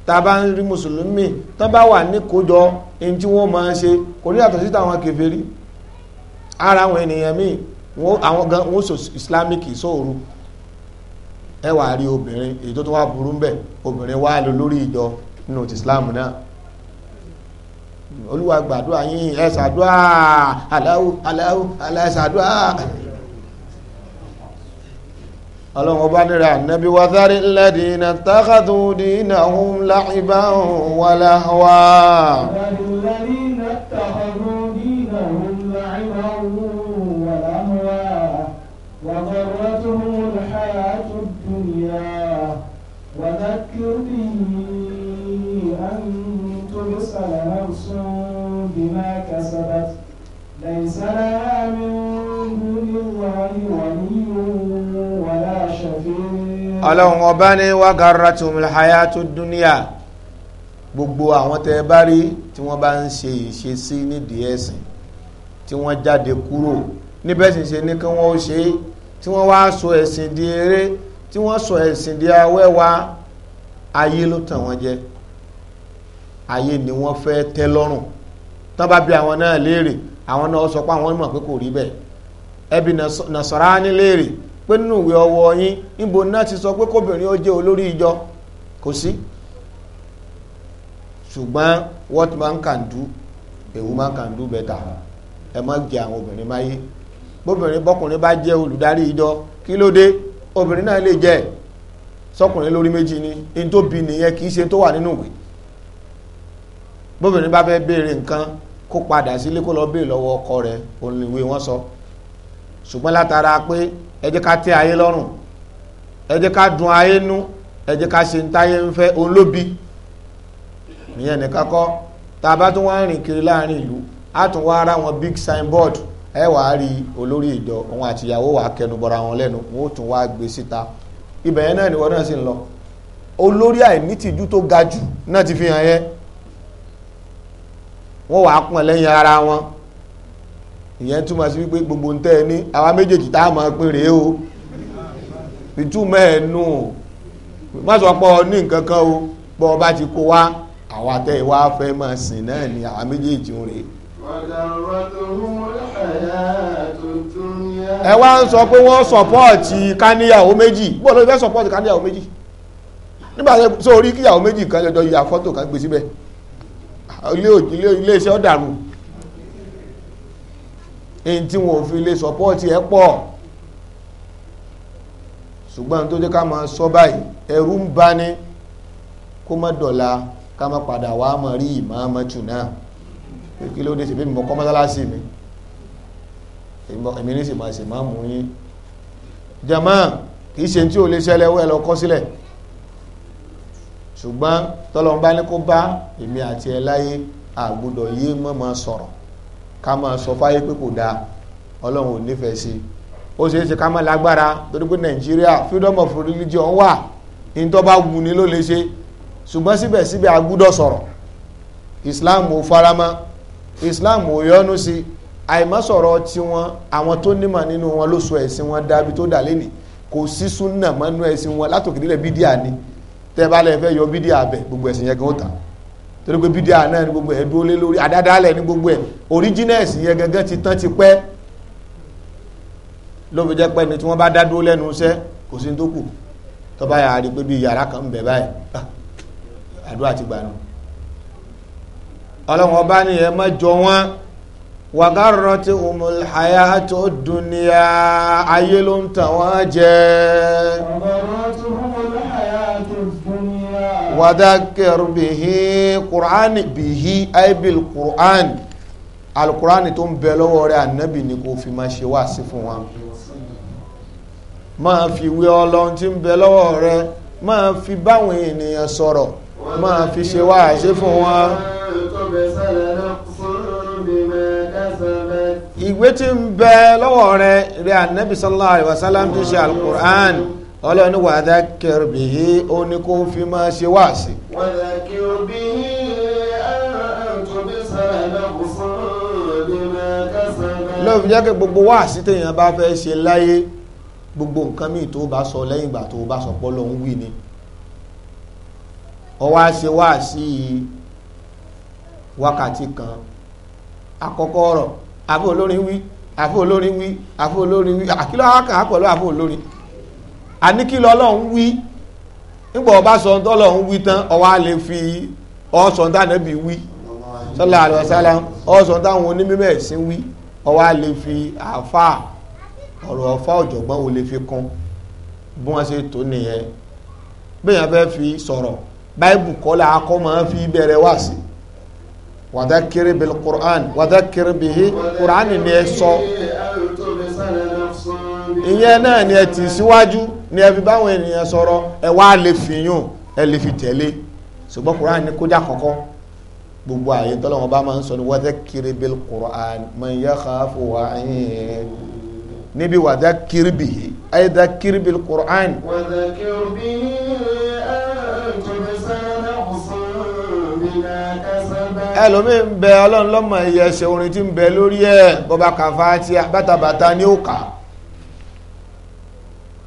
ta bá ń rí mùsùlùmí tó bá wà ní kójọ ẹni tí wọ́n máa ń ṣe kò ní yàtọ̀ sí tàwọn kèfèrí ara àwọn ènìyàn míì wọn àwọn gan wọn sọ islamic sóòru ẹ wà á rí obìnrin èyí tó tó wà burú bẹ obìnrin wà lọ lórí ìjọ nínú ti islam náà olúwa gbàdúrà yín ẹ ṣàdúrà aláwọ aláwọ aláwọ ṣàdúrà ọlọ́run ọba nira nàbí wàtàrí lẹ́dí iná tákàtúndínà hùm láìbáhùn wàláhùwà. لنا من دون الله ولي ولا شفيع ọlọ́run ọba ní wàgàràtúmùl hayatud dunya gbogbo àwọn tẹ bá rí tí wọ́n bá ń ṣe ìṣesí nídìí ẹ̀sìn tí wọ́n jáde kúrò níbẹ̀ sì ṣe ní kí wọ́n ó ṣe tí wọ́n wá sọ ẹ̀sìn di eré tí wọ́n sọ ẹ̀sìn di awẹ́wà ayé ló tàn wọ́n jẹ ayé ni wọ́n fẹ́ tẹ́ lọ́rùn tán bí àwọn náà léèrè àwọn náà sọ pé àwọn mọ̀ pé kò rí bẹ́ẹ̀ ẹbí Nasarani léèrè pé nínú ìwé ọwọ́ yín níbo náà ti sọ pé kóbìnrin ó jẹ́ olórí ìjọ kò sí ṣùgbọ́n what man can do a woman ń do better ẹ má jẹ àwọn obìnrin máyé bóbìnrin bọ́kùnrin bá jẹ́ olùdarí ìjọ kí ló dé obìnrin náà lè jẹ́ sọkùnrin lórí méjì ni in tó bi nìyẹn kì í ṣe tó wà nínú ìwé bóbìnrin bá fẹ́ béèrè nǹkan kó padà sílé kó lọ béè lọ́wọ́ ọkọ rẹ̀ òǹlìwé wọn sọ ṣùgbọ́n látara pé ẹ jẹ́ ká tẹ́ ayé lọ́rùn ẹ jẹ́ ká dùn ayé nú ẹ jẹ́ ká ṣe ń táyé ń fẹ́ òun ló ìyẹn nìkan kọ́ tá a bá tún wá rìn kiri láàrin ìlú á tún wá ara wọn big signboard ẹ wàá rí olórí ìjọ òun àtìyàwó wàá kẹnu bọra wọn lẹ́nu wọn ó tún wá gbé síta ibẹ̀ yẹn náà ni wọn náà sì ń lọ olórí àìnítìjú tó ga jù náà ti fi hàn yẹn wọ́n wàá pọ̀n lẹ́yìn ara wọn ìyẹn túmọ̀ sí wípé gbogbo ń tẹ́ ẹ ní àwa méjèèjì tá a pín rèé o ìtumọ̀ ẹ̀ nù má sọ pé ní nǹkan o bọ́ bá ti kó wá àwa tẹ́ ẹ fẹ́ máa sìn náà ni àwa méjèèjì ń rèé. ẹ wá ń sọ pé wọ́n sọ̀pọ́ọ̀tì káníyàwó méjì bọ́ọ̀ ló fẹ́ káníyàwó méjì nígbà tó rí kíyàwó méjì kan lọ́jọ́ ya fọ́tò kan gbé síbẹ̀ ilé iṣẹ́ ọ̀dàrú èyí tí wọ́n fi lè sọpọ́ọ̀tì ẹ̀ pọ̀ ṣùgbọ́n tó jẹ́ ká máa sọ báyìí ẹ̀rù ń bá ní kó má dọ̀la ká má padà wá mọ̀ rí ìmáàmọ́tù náà kí ló dé ṣe bí kọ́ mọ́sálásí mi èmi ní sì máa ṣe máa mú yín jama kì ṣe tí ò lè ṣẹlẹ̀ wẹ́ lọ kọ́ sílẹ̀ ṣùgbọ́n tọ́lọ́mbá ní kó bá èmi àti ẹ láyé àgbọ́dọ̀ yé mọ́mọ́ sọ̀rọ̀ ká máa sọ fáyé pé kò dáa ọlọ́run ò nífẹ̀ẹ́ sí ó ṣeé ṣe ká máa lágbára torí pé nàìjíríà freedom of religion wà ní tó bá wù ní ló lè ṣe ṣùgbọ́n síbẹ̀síbẹ̀ àgbọ́dọ̀ sọ̀rọ̀ islam ò faramọ́ islam ò yọ́nú sí àìmọ́sọ̀rọ̀ tiwọn àwọn tó nímọ̀ nínú wọn ló sọ ẹ̀sìn wọn dábí tó dà lẹ́nìí kò sí súnà mọ́nú ẹ̀sìn wọn látòkèdélẹ̀ bídíà ni. tẹ́ fẹ́ yọ bídíà abẹ gbogbo ẹ̀sìn yẹn gan ó tán torí pé bídíà náà ní gbogbo ẹ̀ dúró lé lórí àdádálẹ̀ ní gbogbo ẹ̀ oríjínẹ́ẹ̀sì yẹn gangan ti tán ti pẹ́ ló fi jẹ́ ni tí wọ́n bá dá dúró lẹ́nu iṣẹ́ kò sí tó kù rí pé bí yàrá kan ń ah, jọ ayé ló ń tàn wọ́n jẹ́. wadakir bihi qur'ani bihi aibil qur'an alqur'ani tó ń bẹ lọ́wọ́ rẹ̀ ànábì ni kò fi máa ṣe wá sí fún wa máa fi wé ọlọ́run tí ń bẹ lọ́wọ́ rẹ̀ máa fi báwọn ènìyàn sọ̀rọ̀ máa fi ṣe wá àṣẹ fún wa ìwé tí ń bẹ lọ́wọ́ rẹ̀ rẹ̀ ànábì sallallahu alaihi wasallam ti ṣe alqur'an ọlọ́ni wà á dákẹ́rù bí i ó ní kó fi máa ṣe wá sí. wà á dákẹ́rù bí i àtúntò sára lọ́kùn fún ọ̀dẹ́mẹ́ kásánà. lọ́ọ̀fù jẹ́ kí gbogbo wá sí téèyàn bá fẹ́ ṣe láyé gbogbo nǹkan míì tó bá sọ lẹ́yìn ìgbà tó bá sọ pé Ọlọ́hun wí ni ó ṣe wá sí wákàtí kan àkọ́kọ́ ọ̀rọ̀ àfọ olórin wí àfọ olórin wí àfọ olórin wí àkìlọ́ àkà pẹ̀lú àfọ olórin àníkìlọ ọlọ́run wí nígbà ọba sọ ohun tọ́lọ́run wí tán ọwọ́ a lè fi ọ̀sán tánàbí wí sọlá àlọ́sálà ọ̀sán táwọn onímọ̀ ẹ̀sìn wí ọwọ́ a lè fi àáfà ọ̀rọ̀ ọ̀fà ọ̀jọ̀gbọ́n ò lè fi kún bí wọ́n ṣe tó nìyẹn bí èèyàn fẹ́ fi sọ̀rọ̀ báìbù kọ́lá akọ́ máa fi bẹ̀rẹ̀ wá sí wàdákiri bil Qur'an wàdákiri bihi Qur'an ni ẹ sọ ìyẹn náà ni ẹ tì síwájú ní ẹ fi báwọn ènìyàn sọ̀rọ̀ ẹ wá lè fi yún ẹ lè fi tẹ̀lé ṣùgbọ́n Kùránì ní kódà kọ́kọ́ gbogbo àyè tọ́lọ́wọ́n bá máa ń sọ ní wadhakiri bil Qur'an man yakhafu wa'id níbi wadhakir bihi ay dhakir bil Qur'an. wadhakir bihi ẹlòmí ń bẹ ọlọ́run lọ́mọ ẹ̀yẹ ṣe orin tí ń bẹ lórí ẹ̀ bọ́ba kàfáàtì bàtàbàtà ni ó kà á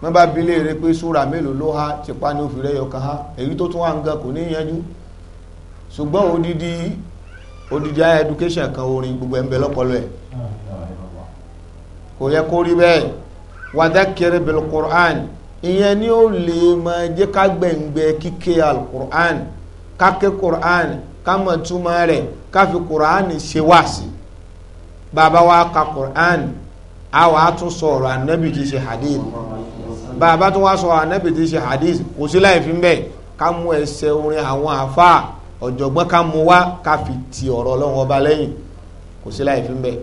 wọ́n bá bi léèrè pé súra mélòó ló há ti pa ní òfin rẹ̀ yọkan há èyí tó tún wà ń gan kò ní yanjú ṣùgbọ́n odidi odidi higher education kan orin gbogbo ẹ̀ ń bẹ lọ́pọlọ ẹ̀ kò yẹ kó rí bẹ́ẹ̀ wàdákẹ́rẹ́ bẹ̀rẹ̀ Qur'an ìyẹn ni ó lè máa jẹ́ ká gbẹ̀ngbẹ̀ kíkẹ́ al-Qur'an kákẹ́ Qur'an ká mọ̀ túmọ̀ rẹ̀ ká fi Qur'an ṣe wá sí bàbá wa ka Qur'an a wàá tún sọ̀rọ̀ anabi kì ṣe hadith. bàbá tó wá sọ ànábì tí ṣe hadith kò sí láì fi ń bẹ̀ ká mú ẹsẹ̀ orin àwọn àáfàá ọ̀jọ̀gbọ́n ká mú wá fi ti ọrọ ọlọ́run ọba kò sí láì fi ń bẹ̀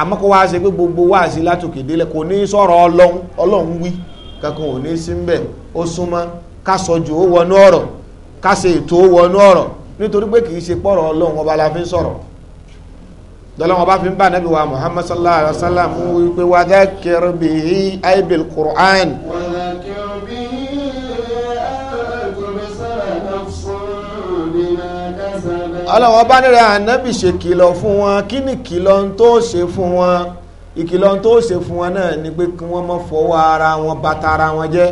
àmọ́ kó ṣe pé gbogbo wá látòkè kò ní sọrọ ọlọ́run ọlọ́run wí kankan ò ní sí ń bẹ̀ ó súnmọ́ ká sọ ju ó wọnú ọ̀rọ̀ ká ṣe ètò ó wọnú ọ̀rọ̀ nítorí pé kì ọba la fi ń wa sallallahu ọlọ́run ọba nírẹ̀ ànábì ṣe kìlọ̀ fún wọn kí ni kìlọ̀ tó ṣe fún wọn ìkìlọ̀ tó ṣe fún wọn náà ni pé kí wọ́n má fọwọ́ ara wọn bàtà ara wọn jẹ́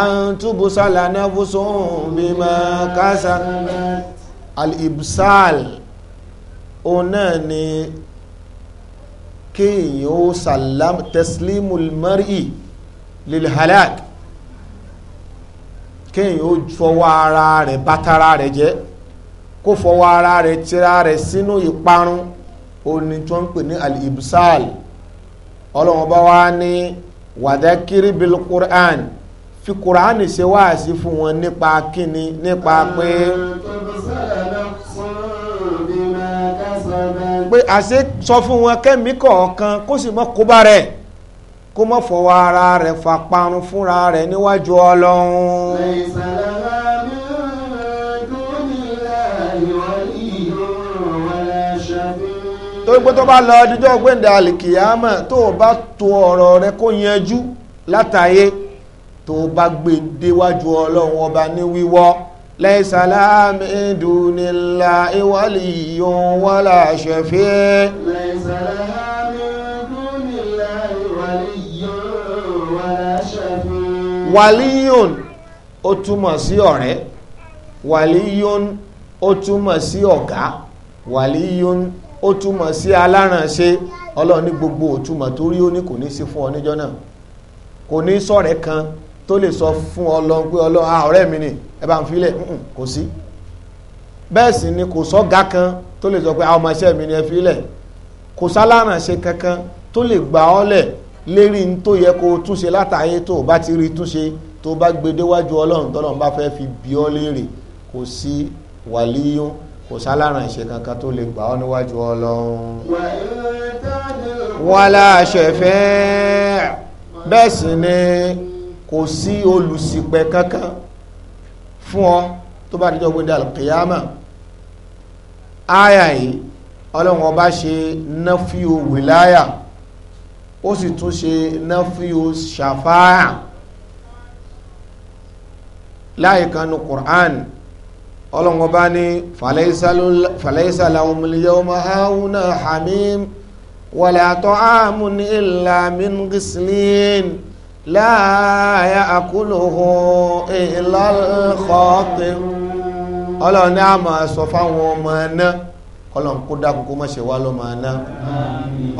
àtúbùsálà náà bímọ kásá al òun náà ni kéèyàn ó sàlám tẹsílímùl mari lilhalak kéèyàn ó fọwọ́ ara rẹ̀ bàtà ara rẹ̀ jẹ́ kó fọwọ́ ara rẹ̀ tira rẹ̀ sínú ìparun òní tí wọ́n ń pè ní al-ibsal ọlọ́run bá wá ní wàdákìrì bil Qur'an fi Qur'an ṣe wáàsí fún wọn nípa kíni nípa pé pé àṣẹ sọ fún wọn kẹ́mi kọ̀ọ̀kan kó sì mọ́ kó bá rẹ̀ kó mọ́ fọwọ́ ara rẹ̀ fàparun fúnra rẹ̀ níwájú ọlọ́run. torí pé tó bá lọ ọdíjọ́ gbẹ̀ndẹ̀ alìkìyàmà tó bá to ọ̀rọ̀ rẹ kó yanjú látàyé tó bá gbé déwájú ọlọ́run ọba ní wíwọ́ lẹ́yìn sàlámì ìdúnilá ìwálì yòówó wàlà ṣẹ̀fẹ́. wàlíyùn ó túmọ̀ sí ọ̀rẹ́ wàlíyùn ó túmọ̀ sí ọ̀gá wàlíyùn ó túmọ̀ sí alárànṣe ọlọ́run ní gbogbo òtúmọ̀ tó rí ó ní kò ní sí fún ọ níjọ́ náà kò ní sọ̀rẹ́ kan tó lè sọ fún ọlọ́run pé ọlọ́run a ah, ọ̀rẹ́ mi ni ẹ bá ń filẹ̀ kò sí bẹ́ẹ̀ sì ni kò sọ́gá kan tó lè sọ pé a ah, ọmọọṣẹ́ mi ni ẹ filẹ̀ kò sálárànṣe kankan tó lè gbà ọ́ lẹ̀ lérí ní tó yẹ kó túnṣe látàáyé tó o bá ti rí túnṣe tó o bá gbé déwájú ọlọ́run tọ́lọ́run bá fẹ́ fi bí ọ léèrè kò sí wàlíyún kò sáláràn ìṣe kankan tó lè gbà ọ́ níwájú ọlọ́run wala shafi' bẹ́ẹ̀ sì ni kò sí olùṣìpẹ̀ kankan fún ọ tó bá dijọ́ gbé dàlù kìyàmà áyà yìí ọlọ́run ọba ṣe náfíò wìláyà ó sì tún ṣe náfíò ṣàfáà láyìí kan Qur'an ọlọ́run ọba ní falaysa lahumul yawma hahuna hamim wala ta'amun illa min ghislin la ya'kuluhu illa al-khatim ọlọ́run ní a máa sọ fáwọn ọmọ náà ọlọ́run kó dákun kó má ṣe wá lọ́mọ aná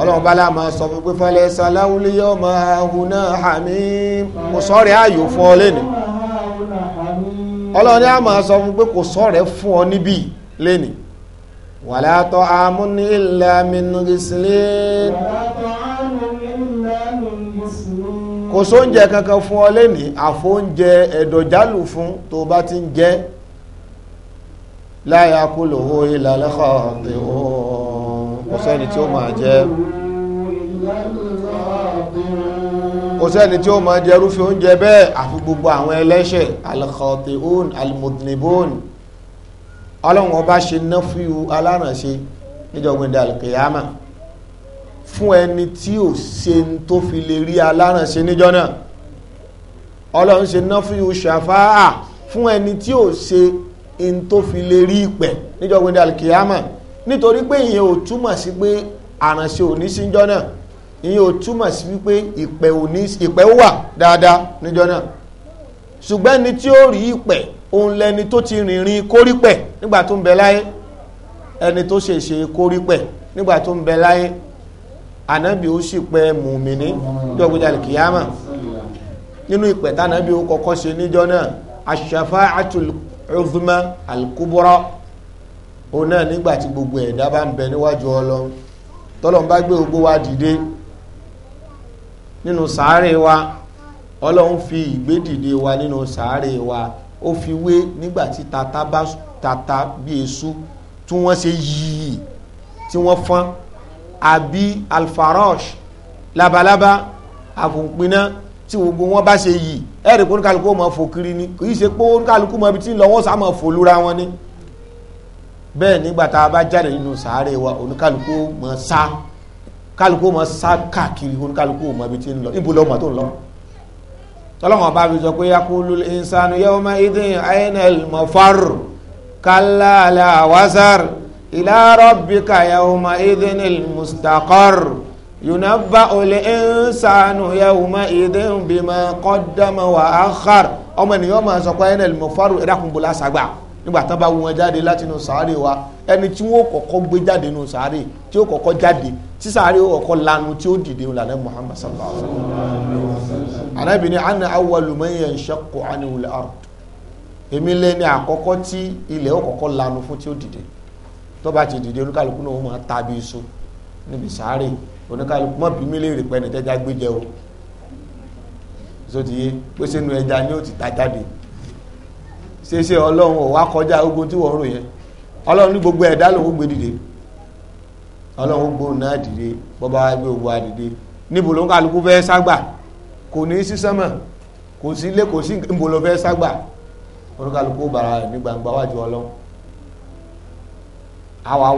ọlọ́run bá láàmà sọ fún pé falaysa lahumul yawma hamim mo sọ́ọ̀rẹ́ ààyò fún ọ lẹ́nu ọlọ́run ní a máa sọ fún pé kò sọ̀rẹ́ fún ọ níbí lẹ́ni wàlá tọ́ amú ní ilẹ̀ amínúrísílẹ̀ kò sóúnjẹ kankan fún ọ lẹ́ni àfóúnjẹ ẹ̀dọ̀jálù fún tó bá ti ń jẹ láyé akólòwò ìlàlẹ́kọ̀ ọ̀tẹ̀ kò sẹ́ni tí ó máa jẹ kò sẹ́ni tí ó máa jẹrúfẹ́ oúnjẹ bẹ́ẹ̀ àfi gbogbo àwọn ẹlẹ́ṣẹ̀ alkhatiun almudnibun ọlọ́run ọba ṣe náfíù alárànṣe níjọgbìn dàlùkìyàmà fún ẹni tí ò ṣe tó fi lè rí alárànṣe níjọ náà ọlọ́run ṣe náfíù ṣàfáà fún ẹni tí ò ṣe in tó fi lè rí ìpẹ̀ níjọgbìn dàlùkìyàmà nítorí pé ìyẹn ò túmọ̀ sí pé àrànṣe ò ní síjọ náà ìyẹn ò túmọ̀ sí wípé ìpẹ́ ò ní ìpẹ́ ó wà dáadáa níjọ náà ṣùgbọ́n ẹni tí ó rí ìpẹ́ òun lẹni tó ti rìnrìn kórípẹ̀ nígbà tó ń bẹ láyé ẹni tó ṣèṣe kórípẹ̀ nígbà tó ń bẹ láyé ànábì ó sì pẹ́ mùmíní dọ́gbẹ́jà kìyàmà nínú ìpẹ́ tánàbí ó kọ́kọ́ ṣe níjọ náà ash-shafa'atul uzma òun náà nígbà tí gbogbo ẹ̀dá bá ń bẹ níwájú Ọlọ́run tọ́lọ́run bá wa dìde nínú sàárè wa ọlọ́run fi ìgbédìde wa nínú sàárè wa ó fi wé nígbà tí tata bá tata bí esu tí wọ́n ṣe yìí tí wọ́n fọ́n àbí alfarosh labalábá àfòpiná tí gbogbo wọn bá ṣe yìí ẹ̀rì pé oníkàlùkù ó fò kiri ni kì í ṣe pé oníkàlùkù mọ ibi tí ń lọ wọ́n sá máa fò lura wọn ni bẹ́ẹ̀ nígbà tá a bá jáde nínú sàárè wa oníkàlùkù ó sá kálukú mọ sá káàkiri kálukú mọ ibi tí ń lọ níbo lọ́mọ tó ń lọ tọ́lọ́mọ bá fi sọ pé yakulu insanu yawma idin ainel mafar kálálà wásár ila rabbika yawma idin ilmustaqar yunabba olè insanu yawma idin bima qaddama wa akhar ọmọ ènìyàn máa sọ pé ainel mafar ẹ̀dá kúnbọ̀lá sàgbà nígbà tán bá wú wọn jáde látinú sàárè wa ẹni tí wọn kọ́kọ́ gbé jáde nù sàárè tí ó kọ́kọ́ jáde tí sàárè ó kọ́kọ́ lanu tí ó dìde wọn lànà Muhammad sallallahu alaihi wa sallam anábìíní àná awwalu man yanshaqu anil ard èmi lẹni àkọ́kọ́ tí ilẹ̀ ó kọ́kọ́ lanu fún tí ó dìde tó bá ti dìde oníkàlùkù náà wọn máa tàbí so níbi sàárè oníkàlùkù mọ́ bí mílíọ̀nù pẹ́ẹ́nì tẹ́já gbé jẹ o sótìyé pèsè nu ẹja ni ó ti ta jáde. ṣeṣe ọlọ́run ò wá kọjá ogun tí wọ́n rò yẹn ọlọ́run ní gbogbo ẹ̀dá lòun gbé dìde ọlọ́run gbóhùn náà dìde bọ́ba wa gbé ogun àdìde níbo ló ń kálukú fẹ́ ságbà kò ní sí sánmà kò sí ilé kò sí níbo ló fẹ́ oníkálukú bàrà ní gbangba ọlọ́run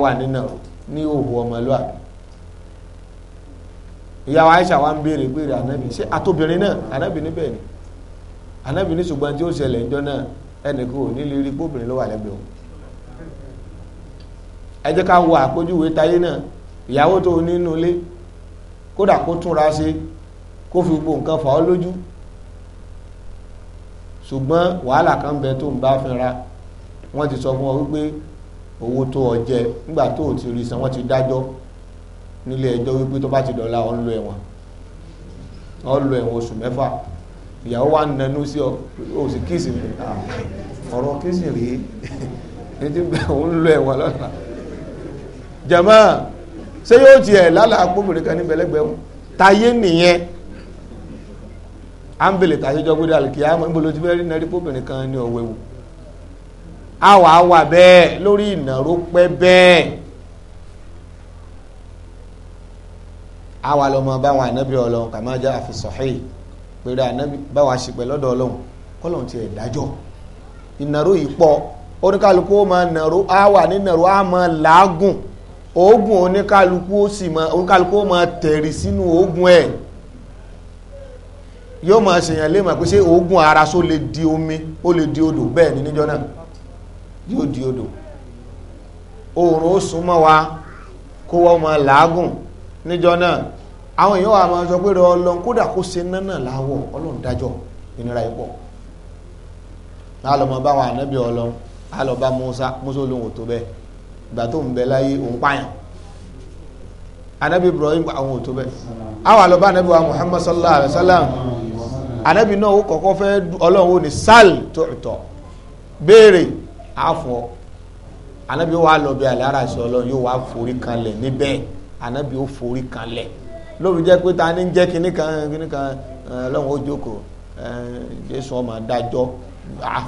wà nínà ní òhù ìyàwó Aisha wa ń béèrè ẹnìkan ò ní lè rí gbóbìnrin ló wà lẹ́gbẹ̀ẹ́ o ẹ jẹ́ ká wo àpèjúwe táyé náà ìyàwó tó nínú ilé kódà kó túnra ṣe kó fi gbogbo nǹkan fà ọ́ lójú ṣùgbọ́n wàhálà kan bẹ tó ń bá fínra wọ́n ti sọ fún ọ wípé owó tó ọ jẹ nígbà tó ò ti rí san wọ́n ti dájọ́ nílé ẹjọ́ wípé tó bá ti dọ̀la ọ ń lo ẹ̀wọ̀n ọ ń lo ẹ̀wọ̀n oṣù mẹ́fà ìyàwó wa nanú sí ọ o sì kíìsì mi ọ̀rọ̀ kíìsì rèé ní ti bẹ òun lọ ẹ̀wọ̀n lọ́la jama ṣé yóò tiẹ̀ lálẹ́ akpọ́bìnrin kan ní bẹ̀lẹ́gbẹ̀ wọn tayé nìyẹn à ń bèlè tayé jọ gbé dàlẹ́ kí á mọ níbolo tí bẹ́ẹ̀ rí nàrí pọ́bìnrin kan ní ọ̀wẹ́ wò a wà á wà bẹ́ẹ̀ lórí ìnáró pẹ́ bẹ́ẹ̀ a wà lọ́mọ báwọn ànábì ọlọ́run kàmájà àfi sahih pèrè ànábì báwa ṣe pẹ̀ lọ́dọ̀ ọlọ́run kọ́lọ́run ti ẹ̀ dájọ́ ìnàró yìí pọ̀ oníkálukú ó máa nàró á wà ní nàró á máa làágùn oògùn oníkálukú ó sì máa oníkálukú ó máa tẹ̀rì ara só lè di omi ó lè di odò bẹ́ẹ̀ ni níjọ́ náà di odò oòrùn ó súnmọ́ wa kó wọ́n máa làágùn níjọ́ àwọn èèyàn wa ọmọ sọ pé ọlọ́n kódà kó se nánà láwọ̀ ọlọ́n dájọ́ ìnira ipò lálọ́mọ báwọn ànábì alọ́ba Musa Musa tó bẹ́ẹ̀ ìgbà tó ń bẹ láyé òun pààyàn ànábì Ibrahim àwọn ò tó bẹ́ẹ̀ àwọn àlọ́ba ànábì wa Muhammad sallallahu alayhi wa sallam ànábì náà ó kọ́kọ́ fẹ́ sal tó tọ̀ béèrè àfọ̀ ànábì lóbi jẹ́ pé ta ni ń jẹ́ kinní kan kinní kan ọlọ́run ó jókòó jésù ọmọ dájọ́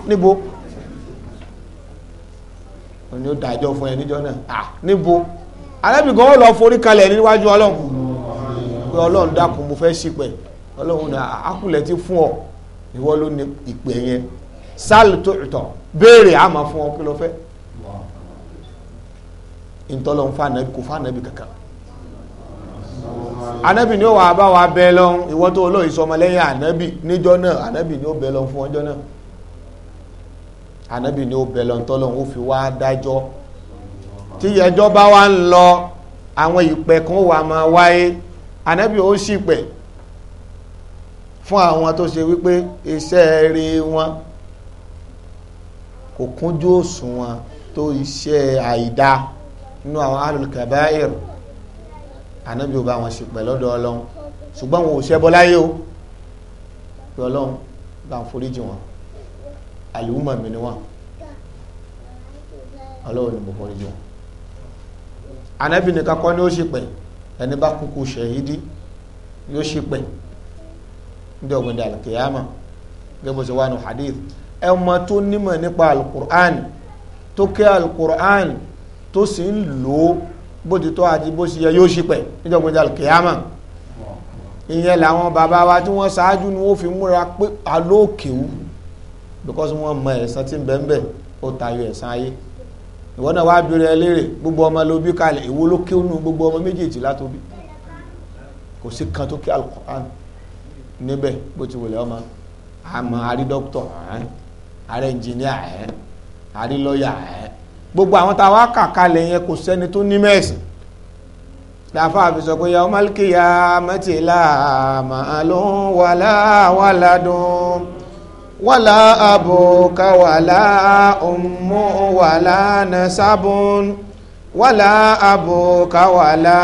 níbo ni ó dájọ́ fún ẹ níjọ́ náà níbo arábìnrin kan lọ forí kalẹ̀ níwájú ọlọ́run pé ọlọ́run dákun mo fẹ́ ṣìpẹ̀ ọlọ́run náà àkùlẹ̀ ti fún ọ ìwọ ló ní ìpè yẹn sáàlù tó ìtọ̀ béèrè àmọ́ fún ọ kí ló fẹ́ ntọ́lọ́ ń fa nàbí kò fa nàbí kankan Anabi ni ó wà bá wa bẹ lọ́hún ìwọ́n tó olóyìn sọmọ lẹ́yìn ànábì níjọ́ náà ànábì ni ó bẹ lọ́hún fún ọjọ́ náà Anabi ni ó bẹ lọ́hún tọ́lọ́hún ó fi wá dájọ́ tí ẹjọ́ bá wá ń lọ àwọn ìpẹ̀ kan wà máa wáyé ànábì ó sì pẹ̀ fún àwọn tó ṣe wípé iṣẹ́ rí wọn kò kúnjú òṣùwọ̀n tó iṣẹ́ àìdá nínú àwọn alùkàbáyìrì ànábì ò bá wọn ṣìpẹ̀ lọ́dọ̀ ọlọ́run ṣùgbọ́n wọn ò ṣẹbọ láyé o pé ọlọ́run bá ń foríjì wọn àlùmọ̀ mi ni wọn ọlọ́run ni mo foríjì wọn ànábì nìkan kọ́ ni ó ṣìpẹ̀ ẹni bá kúkú ṣẹ̀yídí yóò ṣìpẹ̀ ní ọ̀gbìn dàlùkìyàmọ̀ gẹ́gẹ́ bó ṣe wà nù hadith ẹ tó nímọ̀ nípa alukur'an tó kẹ́ alukur'an tó sì ń lò ó bó ti tọ́ àti bó ṣe yẹ yóò ṣípẹ̀ níjọba ìjà kìámà ìyẹn làwọn bàbá wa tí wọ́n ṣáájú ni wọ́n fi múra pé alóòkèwú because wọ́n mọ ẹ̀san tí ń bẹ ń bẹ ó tayọ ẹ̀san ayé ìwọ náà wàá bèrè ẹlẹ́rè gbogbo ọmọ ló bí kalẹ̀ èwo ló kéwú nu gbogbo ọmọ méjèèjì látòbí kò sí kan tó kí alukoran níbẹ̀ bó ti wòlé ọmọ àmọ́ àrí dókítọ̀ àrí ẹnjìníà àrí lọ́ọ̀yà gbogbo àwọn táwa kàkalẹ̀ yẹn kò sẹ́ni tó ní mẹ́sìn láfa àfi sọ pé yàwó málkìyà mẹ́tìlá màálùn wàlá wàládùn wàlá àbùkà wàlá ummu wàlá nasabun wàlá àbùkà wàlá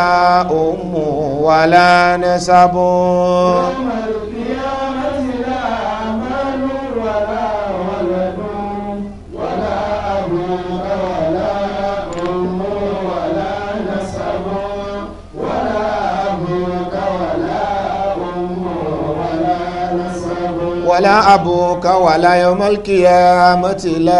ummu wàlá nasabun. wàlá àbùkà wàlá yọmọlkìyà mọ́tìlá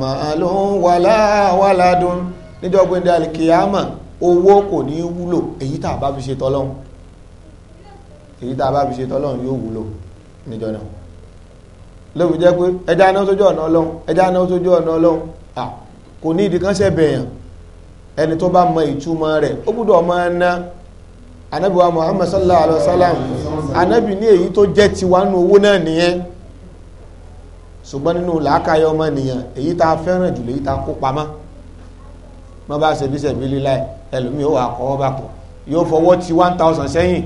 màálùn wàlá wàládùn níjọ́ gbẹ̀dẹ̀ alìkìyàmà owó kò ní wúlò èyí tàà bá fi ṣe tọ́lọ́run èyí tàà bá fi ṣe tọ́lọ́run yóò wúlò níjọ́ náà lóbi jẹ́ pé ẹja náà sójú ọ̀nà ọlọ́run ẹja náà sójú ọ̀nà ọlọ́run à kò ní ìdí kan ṣẹ̀bẹ̀yàn ẹni tó bá mọ ìtumọ̀ rẹ̀ ó gbúdọ̀ mọ ẹná anábíwá Muhammad sallallahu alaihi wasallam anábì ní èyí tó jẹ́ tiwa nínú owó náà nìyẹn ṣùgbọ́n nínú làákàyọ ọmọ nìyẹn èyí tá a fẹ́ràn jù lèyí tá a kó pamọ́ mọ́ bá ṣe bí ṣẹ̀bí lílá ẹlòmíì ó wà kọ́wọ́ bá pọ̀ yóò fọwọ́ ti one thousand sẹ́yìn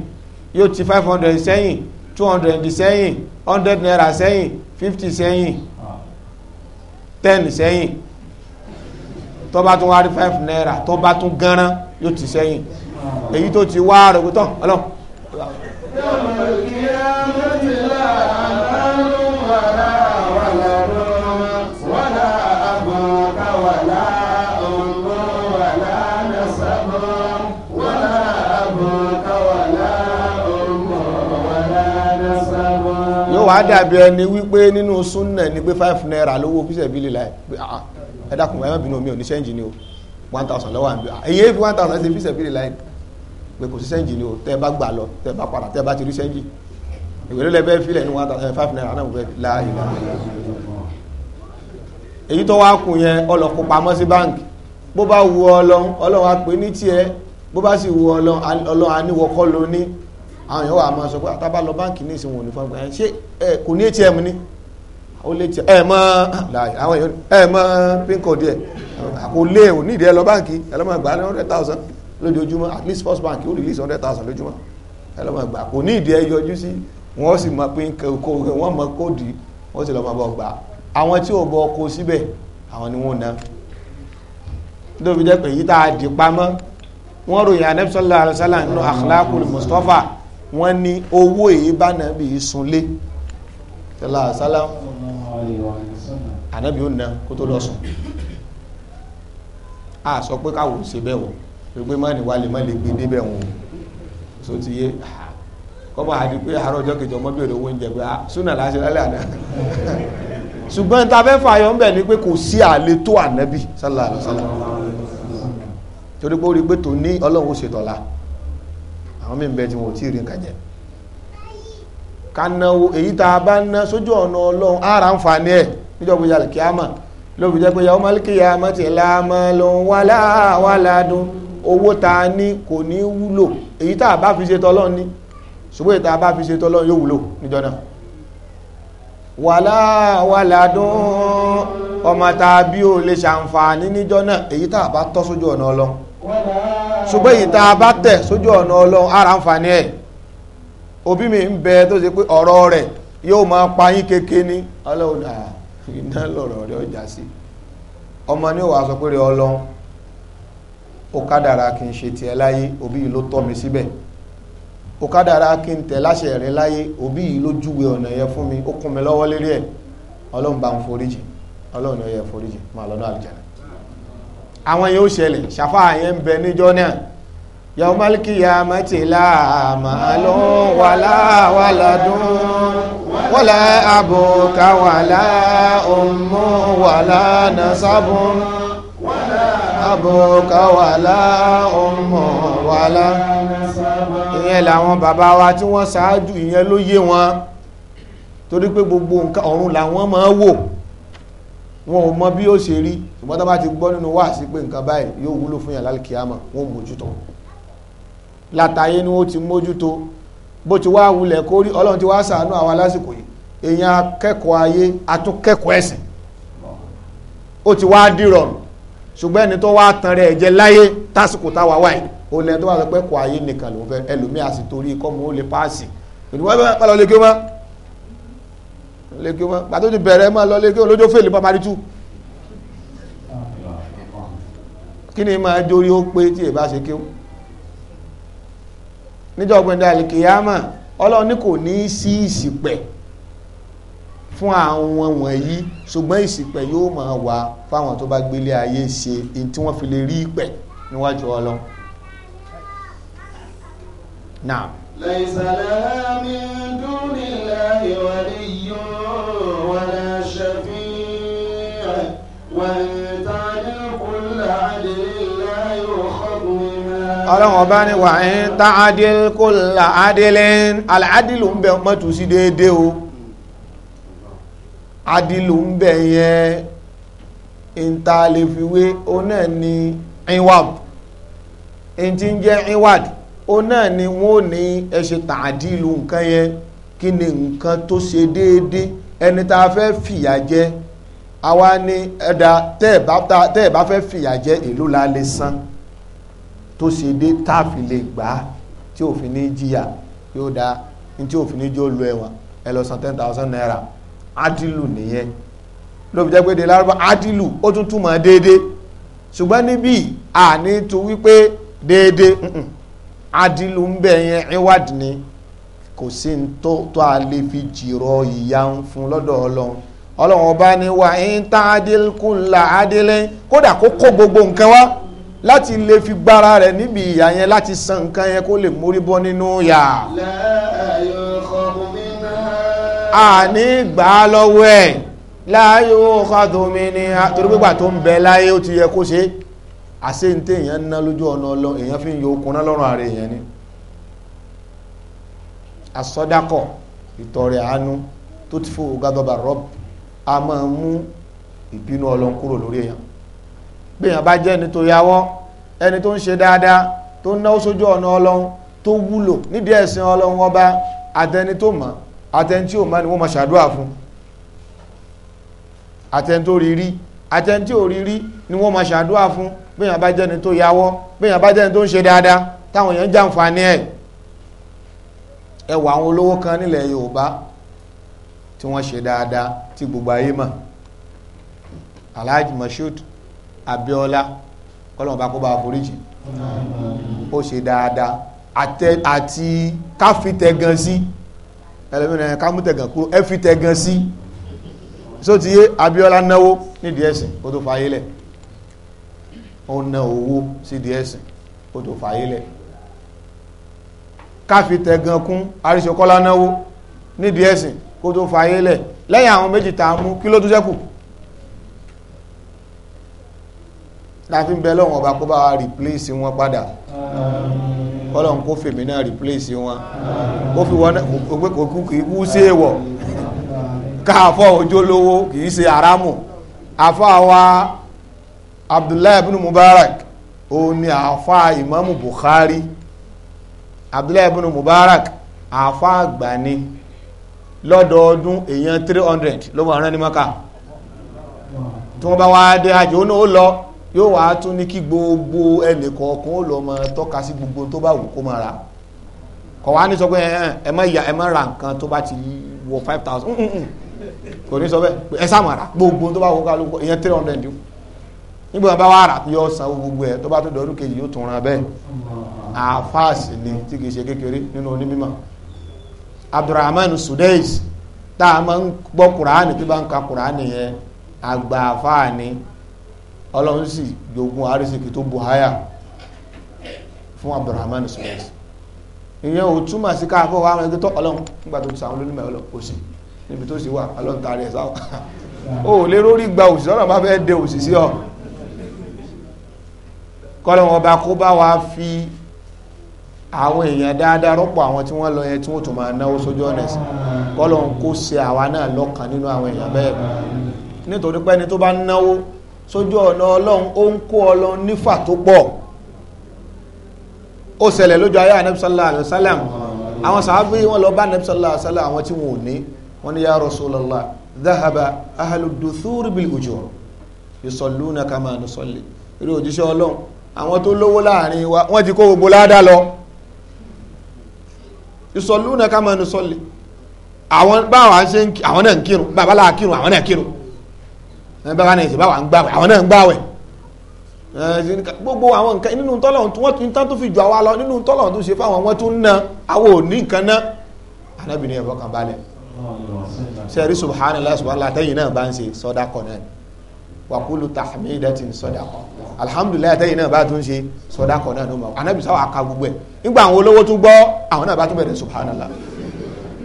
yóò ti five hundred sẹ́yìn two hundred sẹ́yìn hundred naira sẹ́yìn fifty sẹ́yìn ten sẹ́yìn tó bá tún wá rí five naira tó bá tún gánran yóò ti sẹ́yìn èyí tó ti wá rẹ̀ ọlọ́run wàá dàbí ẹni wípé nínú súnà ni pé five naira lówó fíṣẹ̀ bílì láì pé ah, ah ẹ dákun bínú mi ò ní ṣẹ́ǹjì ni o one thousand lọ́wọ́ àbí ẹ̀yìn ah, fi one thousand ṣe fíṣẹ̀ bílì láì pé kò sí ṣẹ́ǹjì ni o tẹ́ bá gbà lọ tẹ́ bá padà tẹ́ bá ti rí ṣẹ́ǹjì ìwé ló lẹ́bẹ̀ẹ́ filẹ̀ ní one thousand eh, five naira náà mo fẹ́ láàyè èyí tó wá kù yẹn ọlọ́kùn pamọ́ sí báńkì bó bá wu ọlọ́run ọlọ́run á àwọn èèyàn wà máa sọ pé àtàbà ah, lọ báǹkì ní ìsìn wọn ní fún ẹ ṣé ẹ kò ní atm ni ó lé atm ẹ mọ ah, àwọn èèyàn ẹ mọ pin code ẹ kò lé ò ní ìdí ẹ lọ báǹkì ẹ lọ́mọ gbà ní hundred thousand lójoojúmọ́ at least first bank ó release hundred thousand lójúmọ́ ẹ lọ́mọ gbà kò ní ìdí ẹ yọjú sí wọ́n sì mọ pin code wọ́n mọ kóòdì wọ́n sì lọ́mọ bọ̀ gbà àwọn tí ò bọ ọkọ̀ síbẹ̀ àwọn ni wọ́n na lóbi jẹ́ pé yìí tá a dì pamọ́ wọ́n ròyìn anẹ́bísọ́lá alẹ́sálà nínú akhlaqul Mustafa wọ́n ní owó èyí bá nàbì sunlé tẹ́lá àsálà ànábì ó na kó tó lọ sùn a sọ pé káwọ̀ ṣe bẹ́ẹ̀ wọ̀ pé má ní wálé má lè gbé débẹ̀ wọn o so ti yé kọ́mọ àdí pé àárọ̀ ọjọ́ kejì ọmọ bèrè owó oúnjẹ pé a ah, súnà láṣẹ lálẹ́ àná ṣùgbọ́n ta fẹ́ fààyàn ń bẹ̀ ni pé kò sí àlè tó ànábì sálà torí pé ó rí pé tòní ọlọ́run ó ṣètọ́lá àwọn mí ń bẹ tí wọn ò tí ì rí nǹkan jẹ ká náwó èyí tá a bá ná sójú ọ̀nà ọlọ́run ara ń fa ní ẹ̀ níjọba ìyàlẹ̀ kí á mọ̀ lóbi jẹ́ pé yàwó málìkìyà mọ́tì láàmọ́ ló ń wá láwá owó ta ní kò ní wúlò èyí tá bá fi ṣe tọ́lọ́run ní ṣùgbọ́n èyí bá fi ṣe tọ́lọ́run yóò wúlò níjọ náà wàlá wà ládùn ọmọ ṣùgbọ́n èyí tá a bá tẹ̀ sójú ọ̀nà ara ń fani ẹ̀ òbí mi ń bẹ tó ṣe pé ọ̀rọ̀ rẹ̀ yóò máa pa yín kéke ní ọlọ́run náà iná lọ̀rọ̀ rẹ̀ ọjà sí ọmọ ní òwà sọ pé rẹ̀ ọlọ́run ó kádàrá kí ọkadara ṣe tiẹ̀ láyé òbí yìí ló tọ́ mi síbẹ̀ n tẹ̀ láṣẹ láyé òbí yìí ló fún mi ó kún mi lọ́wọ́ lérí ẹ̀ ọlọ́run bá ń foríjì ọlọ́run foríjì àwọn yóò ṣẹlẹ̀ ṣàfà yẹn ń bẹ níjọ́ náà yọmọlìkì ya mẹtìlá màálù wàlá wàládùn wàlá àbùkà wàlá ọmọ wàlá nasabun wàlá àbùkà wàlá ọmọ wàlá ìyẹn làwọn bàbá wa tí wọ́n ṣáájú ìyẹn ló yé wọn torí pé gbogbo nǹkan ọ̀run làwọn máa wò wọn ò mọ bí ó ṣe rí ṣùgbọ́n tó bá ti gbọ́ nínú wáàsí pé nǹkan báyìí yóò wúlò fún yàrá kìámà wọn ò mójútó látàyé ni wọ́n ti mójútó bó ti wá wulẹ̀ kó rí ọlọ́run ti wá sàánú àwa lásìkò yìí èèyàn akẹ́kọ̀ọ́ ayé atúnkẹ́kọ̀ọ́ ẹ̀sìn ó ti wá dìrọ̀rùn ṣùgbọ́n ẹni tó wá tan rẹ̀ jẹ láyé tásìkò táwa wáyé ó lẹ́ni tó wà lọ́pẹ́ kọ̀ ayé nìkan ló fẹ́ ẹlòmíà sì torí kọ́mọ ó lè páàsì ìdúgbò pẹ́ lè kí ó lékè wọn gbàtó ti bẹ̀rẹ̀ máa lọ lékè olójó fèlè bá parí tú kí ni máa dórí ó pé tí èbá ṣe kéwú níjọ́ gbẹ̀ndà àlìkìyàmà ọlọ́run kò ní sí ìsìpẹ̀ fún àwọn wọ̀nyí ṣùgbọ́n ìsìpẹ̀ yóò máa wà fáwọn tó bá gbélé ayé ṣe in tí wọ́n fi lè rí ìpẹ̀ níwájú ọlọ́run náà. ليس لها من دون الله ọlọ́run ọba ni wà ń tá adìl kó là adìlín aláàdìlù ń bẹ mọ́tò sí déédéé o adìlù ń bẹ yẹn ìntàlẹ́fìwé ó náà ni inward èyí tí ń jẹ́ inward ó náà ni wọ́n ní ẹ ṣe tàdílù nǹkan yẹn kí ni nǹkan tó ṣe déédéé ẹni tá a fẹ́ fìyà jẹ àwa ni ẹ̀dá tẹ́ ẹ̀ bá fẹ́ fìyà jẹ ìlú la lè san tó ṣe dé táàfì lè gbà á tí òfin ní jìyà yóò dá tí òfin ní jẹ́ olú ẹ̀wọ̀n ẹ lọ san ten thousand naira adilu nìyẹn ló fi jẹ́ pé de lárúbá adilu ó tún túmọ̀ déédéé ṣùgbọ́n níbí àní tu wípé déédéé adilu ń bẹ̀ yẹn ìwádìí ni kò sí ní tó tó a lè fi jìrọ̀ ìyá fún lọ́dọ̀ ọlọ́run ọlọ́run ọba ni wà ń tá adélkùnlá adélẹ́ kódà kó kó gbogbo nǹkan wá láti lè fi gbára rẹ̀ níbi ìyà yẹn láti san nǹkan yẹn kó lè mórí bọ́ nínú yà. àní gbà á lọ́wọ́ ẹ̀ láàyò ọ̀kadùnmí ni torí pípa tó ń bẹ láyé ó ti yẹ kó ṣe àṣé ní téèyàn ń ná lójú ọ̀nà ọlọ́run èèyàn fi ń yọ okun náà lọ́rùn ààrẹ èèyàn ni. àsọdákọ̀ ìtọrẹ àánú tó ti fò gádọ́bà rọ́bù a máa mú ìbínú ọlọ́run kúrò lórí èèyàn bí èèyàn bá jẹ́ ẹni tó yáwọ́ ẹni tó ń ṣe dáadáa tó ń náwó sójú ọ̀nà ọlọ́run tó wúlò nídìí ẹ̀sìn ọlọ́run ọba àtẹni tó mọ̀ àtẹni tí ò mọ̀ ni wọ́n máa ṣàdúrà fún àtẹni tó rí rí àtẹni tí ò rí rí ni wọ́n máa ṣàdúrà fún bí èèyàn bá jẹ́ ẹni tó yáwọ́ bí èèyàn bá jẹ́ ẹni tó ń ṣe dáadáa táwọn èèyàn jàǹfààní ẹ̀ ẹwà àwọn olówó kan nílẹ̀ Yorùbá tí wọ́n ṣe dáadáa tí gbogbo ayé mọ̀ alhaji mashood abiola kọ́lọ́mù bá kó bá foríjì ó ṣe dáadáa àti káfítẹ̀gàn sí ẹlẹ́mìnira kámútẹ̀gàn kúrò ẹfítẹ̀gàn sí so ti yé abiola náwó nídìí ẹ̀sìn ó tó fàyè lẹ̀ ó ná owó sídìí ẹ̀sìn ó tó fàyè lẹ̀ káfítẹ̀gàn kún àríṣekọ́lá náwó nídìí ẹ̀sìn kó tó fayé lẹ̀ lẹ́yìn àwọn méjì tá a mú kí ló tún ṣẹ́kù láti ń bẹ lọ́wọ́n ọba kó bá wa replace wọn padà kọ́lọ̀n kó fèmí náà replace wọn ó fi wọ́n òkú kìí kú sí èèwọ̀ káàfọ́ òjòlówó kìí ṣe àrámù àfáà wa Abdullahi ibn Mubarak ó ni àfáà Imamu Bukhari Abdullahi ibn Mubarak àfáà àgbà ni lọ́dọọdún èèyàn 300 ló wọ́n rán ní mọ́ká tí wọ́n bá wá dé àjò náà ó lọ yóò wá tún ní kí gbogbo ẹnì kọ̀ọ̀kan ó lọ máa tọ́ka sí gbogbo tó bá wù kó máa ra kọ̀ wá ní sọ pé ẹ má ya ẹ má ra nǹkan tó bá ti wọ 5000 mm, mm, mm. kò ní sọ bẹ́ẹ̀ ẹ sáàmù ara gbogbo tó bá wù kálukú èèyàn 300 dùn nígbà wọn bá wà rà yóò san gbogbo ẹ tó bá tó dọ̀ọ́dún kejì yóò tún ra bẹ́ẹ̀ àfáàsì ni tí kì í ṣe kékeré nínú onímọ̀ abdulrahman sudais tá a máa ń gbọ́ kuraani tó bá ń ka kuraani yẹn àgbà àfáàní ọlọ́run sì jogun arísìkì tó bu háyà fún abdulrahman sudais ìyẹn ò túmọ̀ sí ká fọwọ́ àwọn ẹgbẹ́ tó ọlọ́run nígbà tó ti sàwọn olónímọ̀ ọlọ́run kò sí níbi tó sì wà ọlọ́run tààrí ẹ̀ sáwọn o lè rórí gba òsì ọlọ́run bá fẹ́ de òsì sí ọ kọ́lọ́run ọba kó bá wa fi àwọn èèyàn dáadáa rọ́pò àwọn tí wọ́n lọ yẹn tí wọ́n tún máa náwó sójú ọ̀nà ẹ̀sìn kọ́lọ̀ ń kó ṣe àwa náà lọ́kàn nínú àwọn èèyàn bẹ́ẹ̀ nítorí pé ẹni tó bá náwó sójú ọ̀nà ọlọ́run ó ń kó ọlọ́run nífà tó pọ̀ ó ṣẹlẹ̀ lójú ayé anabi sallallahu alayhi wa sallam àwọn sàábí wọn lọ bá anabi sallallahu alayhi wa sallam àwọn tí wọn ò ní wọn ni ya rasulallah dhahaba ahalu duthuri bil ìsọlúùnà ká máa nu sọlẹ̀ àwọn báwa ṣe ń àwọn náà ń kírun bàbá làá kírun àwọn náà kírun bàbá náà ṣe báwa ń gbàwẹ̀ àwọn náà ń gbàwẹ̀ gbogbo àwọn nǹkan nínú tọ́lọ̀ tí wọ́n tún tán tó fi jù àwa lọ nínú tọ́lọ̀ tó ṣe fáwọn wọn tún ná àwọn ò ní nǹkan náà anábìnrin ẹ̀fọ́ kan balẹ̀ sẹ́rí subhanallah subhanallah tẹ́yìn náà bá ń ṣe sọ́dá kọ̀ náà wàkúlù tahmidatin sadaqa alhamdulilayi àtẹ̀yìn náà bá tún ṣe sadaqa náà ló mọ̀ anábì sáwọ́ aka gbogbo ẹ̀ nígbà àwọn olówó tún gbọ́ àwọn náà bá tún bẹ̀rẹ̀ subhanallah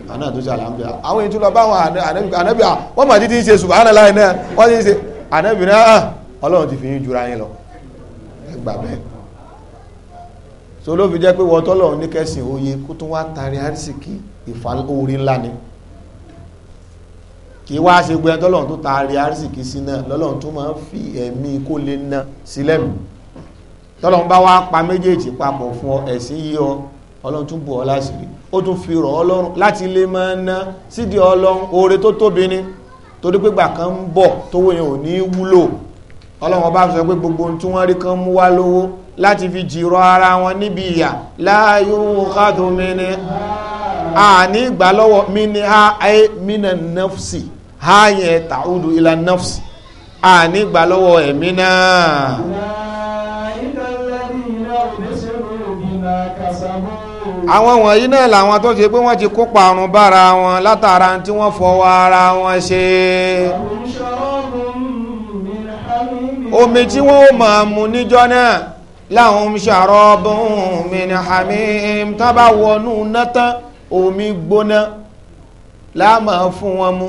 àwọn náà tún ṣe alhamdulilayi àwọn ètò bá wọn anábì ah, wọn mà títí ṣe subhanallah náà wọn ti ṣe anábì náà ah, ọlọ́run kì í wá ṣe gbé tọ́lọ́run tó taari arísìkí sí náà lọ́lọ́run tó máa ń fi ẹ̀mí kó lè ná sílẹ̀ mi tọ́lọ́run bá wá pa méjèèjì papọ̀ fún ọ ẹ̀sìn yí ọ ọlọ́run tún bù ọ láṣìírí ó tún fi rọ̀ ọlọ́run láti lè máa ná sídìí ọlọ́run oore tó tóbi ni torí pé gbà kan ń bọ̀ tówó yẹn ò ní wúlò ọlọ́run ọba sọ pé gbogbo tí wọ́n rí kan mú wá lówó láti fi jìrọ̀ ara wọn níbi ìyà láàyò kádùnmí ni àní ìgbà lọ́wọ́ mi ni ha ayé mina nafsi ha yẹn tàúdù ilà nafsi àní ìgbà lọ́wọ́ ẹ̀mí náà. àwọn wọ̀nyí náà làwọn tó ṣe pé wọ́n ti kó parun bára wọn látara tí wọ́n fọwọ́ ara wọn ṣe. omi tí wọ́n ó máa mu níjọ́ náà láwọn ń ṣàrọ̀ bùn mí ní hamim tábà wọnú náà tán omi gbóná láàmà fún wọn mú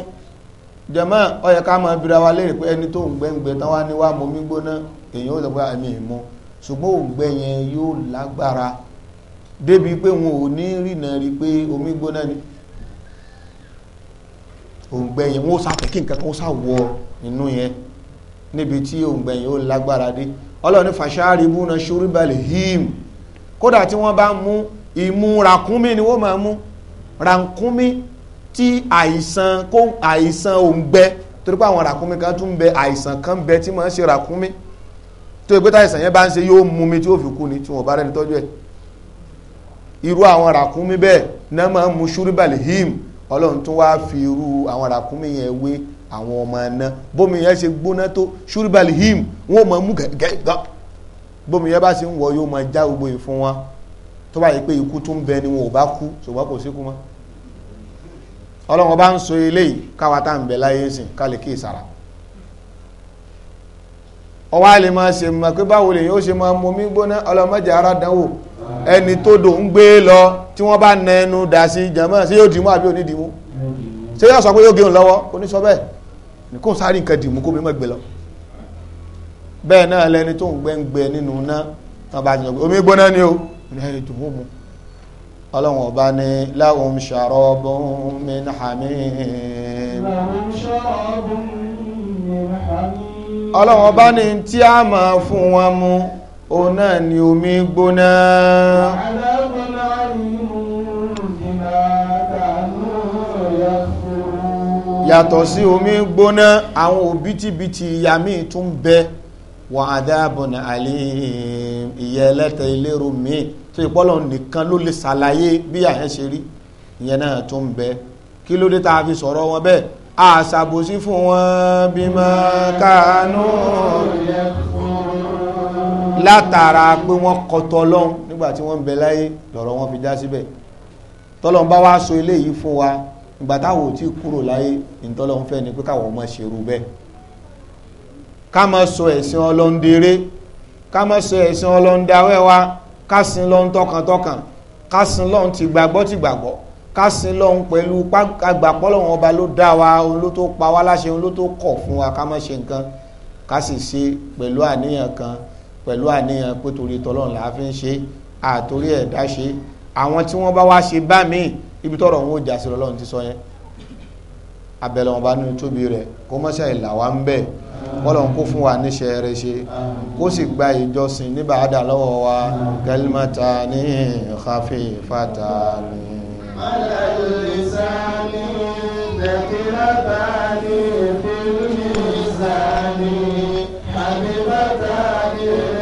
jẹmọ́ ó yẹ ká máa bira wa léèrè pé ẹni tó ń gbẹ́ngbẹ́ tán wá ní wá mọ́ omi gbóná èyàn ó sọ pé àmì ìmọ̀ ṣùgbọ́n òǹgbẹ́ yẹn yóò lágbára débi pé wọn ò ní rìnà rí pé omi gbóná ni òǹgbẹ́ yẹn wọ́n sàtẹ̀kí nǹkan kan sàwọ inú yẹn níbi tí òǹgbẹ́ yẹn ó lágbára dé ọlọ́ni fàṣáàrí múna ṣorí balẹ̀ hìm kódà tí wọ́n bá mú ìmú ràkúnmí ni wọ́n máa mú ràkúnmí ti àìsàn kó àìsàn òǹgbẹ torí pé àwọn ràkúnmí kan tún bẹ àìsàn kan bẹ tí máa ń ṣe ràkúnmí tó ìgbé táìsàn yẹn bá ń ṣe yóò mú mi tí ó fi kú ni tí wọn bá rẹni tọ́jú ẹ̀ irú àwọn ràkúnmí bẹ́ẹ̀ náà máa ń mu ṣúrúbàlì him ọlọ́run tún wá fi irú àwọn ràkúnmí yẹn wé àwọn ọmọ ẹ̀nà bómi yẹn ṣe gbóná tó ṣúrúbàlì him wọn ò máa mú gẹ́gẹ́ bómi yẹn bá ṣe ń wọ yóò máa já gbogbo ìfún wọn tó bá yẹ pé ikú tún bẹ ni wọn ò bá kú ṣùgbọ́n kò síkú mọ́ ọlọ́run bá ń so eléyìí káwa tá ń bẹ̀ láyé sìn ká lè kí ìsara ọwọ́ àlè máa ṣe mọ̀ pé báwo lè yóò ṣe máa momi gbóná ọlọ́mọdé ara dánwò ẹni tó dò ń gbé lọ tí wọ́n bá na ẹnu dà sí jàmọ́ sí yóò dìímú àbí òní ṣé yóò sọ pé yóò gẹun lọ́wọ́ oníṣọ́ bẹ́ẹ̀ ní kò sáré nǹkan dìímú kó mi mọ̀ gbé lọ bẹ́ẹ̀ náà lẹni tó ń gbẹ́ ń gbẹ nínú náà tán bá ti sọ omi gbóná ni o ẹni tó ń mú ọlọ́run ọba ní lahum sharabun min hamim ọlọ́run ọba ní tí a máa fún wọn mu òun náà ni omi gbóná yàtọ̀ sí omi gbóná àwọn òbítíbitì ìyà míì tún bẹ wọ́n adhabun alim ìyẹ́ ẹlẹ́tẹ̀ ìlérò tó ìpọ́lọ̀ nìkan ló lè ṣàlàyé bí àyẹ̀ ṣe rí ìyẹn náà tó ń bẹ kí ló dé tá a fi sọ̀rọ̀ wọn bẹ́ẹ̀ àṣàbòsí fún wọn bí máa kánú látara pé wọ́n kọtọ ọlọ́run nígbà tí wọ́n ń bẹ láyé lọ́rọ̀ wọn fi já síbẹ̀ tọ́lọ́n bá wá sọ eléyìí fún wa ìgbà táwọn ò tí kúrò láyé ìtọ́lọ́run fẹ́ ni pé káwọn ọmọ ṣerú bẹ́ẹ̀ ká má sọ ẹ̀sìn ọlọ́ndẹ̀ẹ́rẹ́ ká má sọ ẹ̀sìn ọlọ́ndẹ̀ẹ́wẹ́ wa kásin lọ́n tọkàntọkàn kásin lọ́n ti gbàgbọ́ ti gbàgbọ́ kásin lọ́n pẹ̀lú agbàpọ̀ lọ́wọ́n ọba ló dá wa òun ló tó pa wá láṣẹ òun ló tó kọ̀ fún wa ká má ṣe nǹkan ká sì ṣe pẹ̀lú àníyàn kan pẹ̀lú àníyàn pé torí tọ́lọ́run là á fi ń ṣe àtòrí ẹ̀dá ṣe àwọn tí wọ́n bá wá ṣe bá mi ibi tọ́rọ̀ wọn ò jà sí lọ́lọ́run ti sọ yẹn abẹ́lẹ̀ bá nínú tóbi rẹ̀ kó mọ́ṣẹ́ ìlà bẹ́ẹ̀ kọ́lọ̀ ń kó fún wa níṣẹ́ rẹ̀ ṣe kó sì gba ìjọsìn níbàádà lọ́wọ́ wa kẹlímọ́ta ní ìhàfẹ́ ìfàtà ní. Thank you.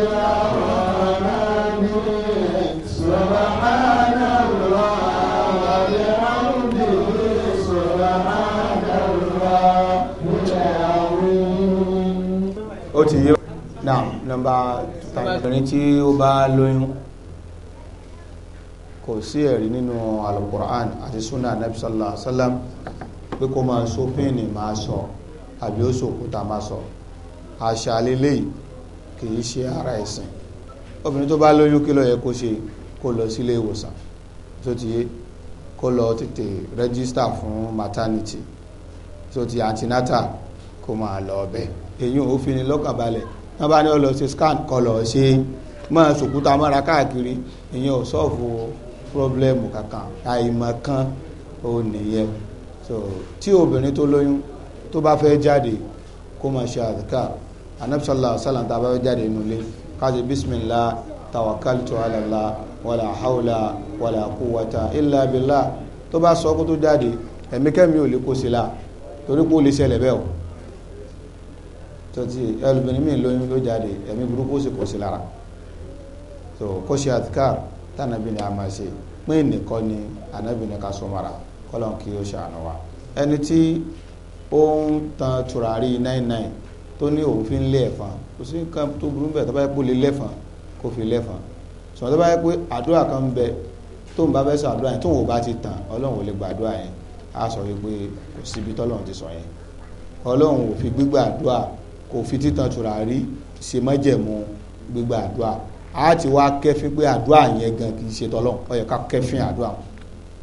náà nọ́mbà obìnrin tí ó bá lóyún kò sí ẹ̀rí nínú alukur'an àti sunnah nabi sallallahu alaihi wa sallam pé kó máa so píìnì máa sọ àbí ó sòkúta máa sọ àṣà lélẹ́yìí kì í ṣe ara ẹ̀sìn obìnrin tó bá lóyún kí ló yẹ kó ṣe kó lọ sílé ìwòsàn tó ti yé kó lọ tètè rẹ́gísítà fún maternity tó ti antinata kó máa lọ ọbẹ̀ èyí ò fi ni lọ́kàn wọ́n bá ní ọlọ́ ṣe scan kọlọ̀ ṣe máa sòkúta mọ́ra káàkiri ìyẹn ò sọ́ọ̀fù pọ́blẹ́mù kankan àìmọ̀ kan ó nìyẹn so tí obìnrin tó lóyún tó bá fẹ́ jáde kó máa ṣe àdìkà anabisalla salam tá a bá fẹ́ jáde nínú ilé káṣe bismillah tawakaltu ala Allah wàlà haula wàlà quwwata illa billah tó bá sọ kó tó jáde ẹ̀mí kẹ́mi ò lè kó sí la torí pé ó lè ṣẹlẹ̀ bẹ́ẹ̀ o tó ti mi lóyún ló jáde ẹ̀mí burúkú sì kò sí lára tó kó ṣe àtikáà tànàbí ni a máa ṣe pín nìkan ni ànábì ní ká so mara kọ́lọ́n kí ó ṣàánú wa ẹni tí ó ń tan tùràrí nine nine tó ní òun fi ń lé ẹ̀fọn kò sí nǹkan tó burú bẹ̀ tó bá yẹ kó lè lẹ́fọn kó fi lẹ́fọn sọ̀rọ̀ tó bá yẹ pé àdúrà kan bẹ tó ń bá fẹ́ sọ àdúrà yẹn tó ń wò bá ti tàn ọlọ́run ò lè gbàdúrà yẹn á sọ wípé kò síbi tọ́lọ́run ti sọ yẹn ọlọ́run ò fi gbígbàdúrà kò fi títan tùràrí ṣe májẹ̀mú gbígba àdúrà a ti wá kẹfín pé àdúrà yẹn gan kì í ṣe tọlọ́run ó ká kẹfín àdúrà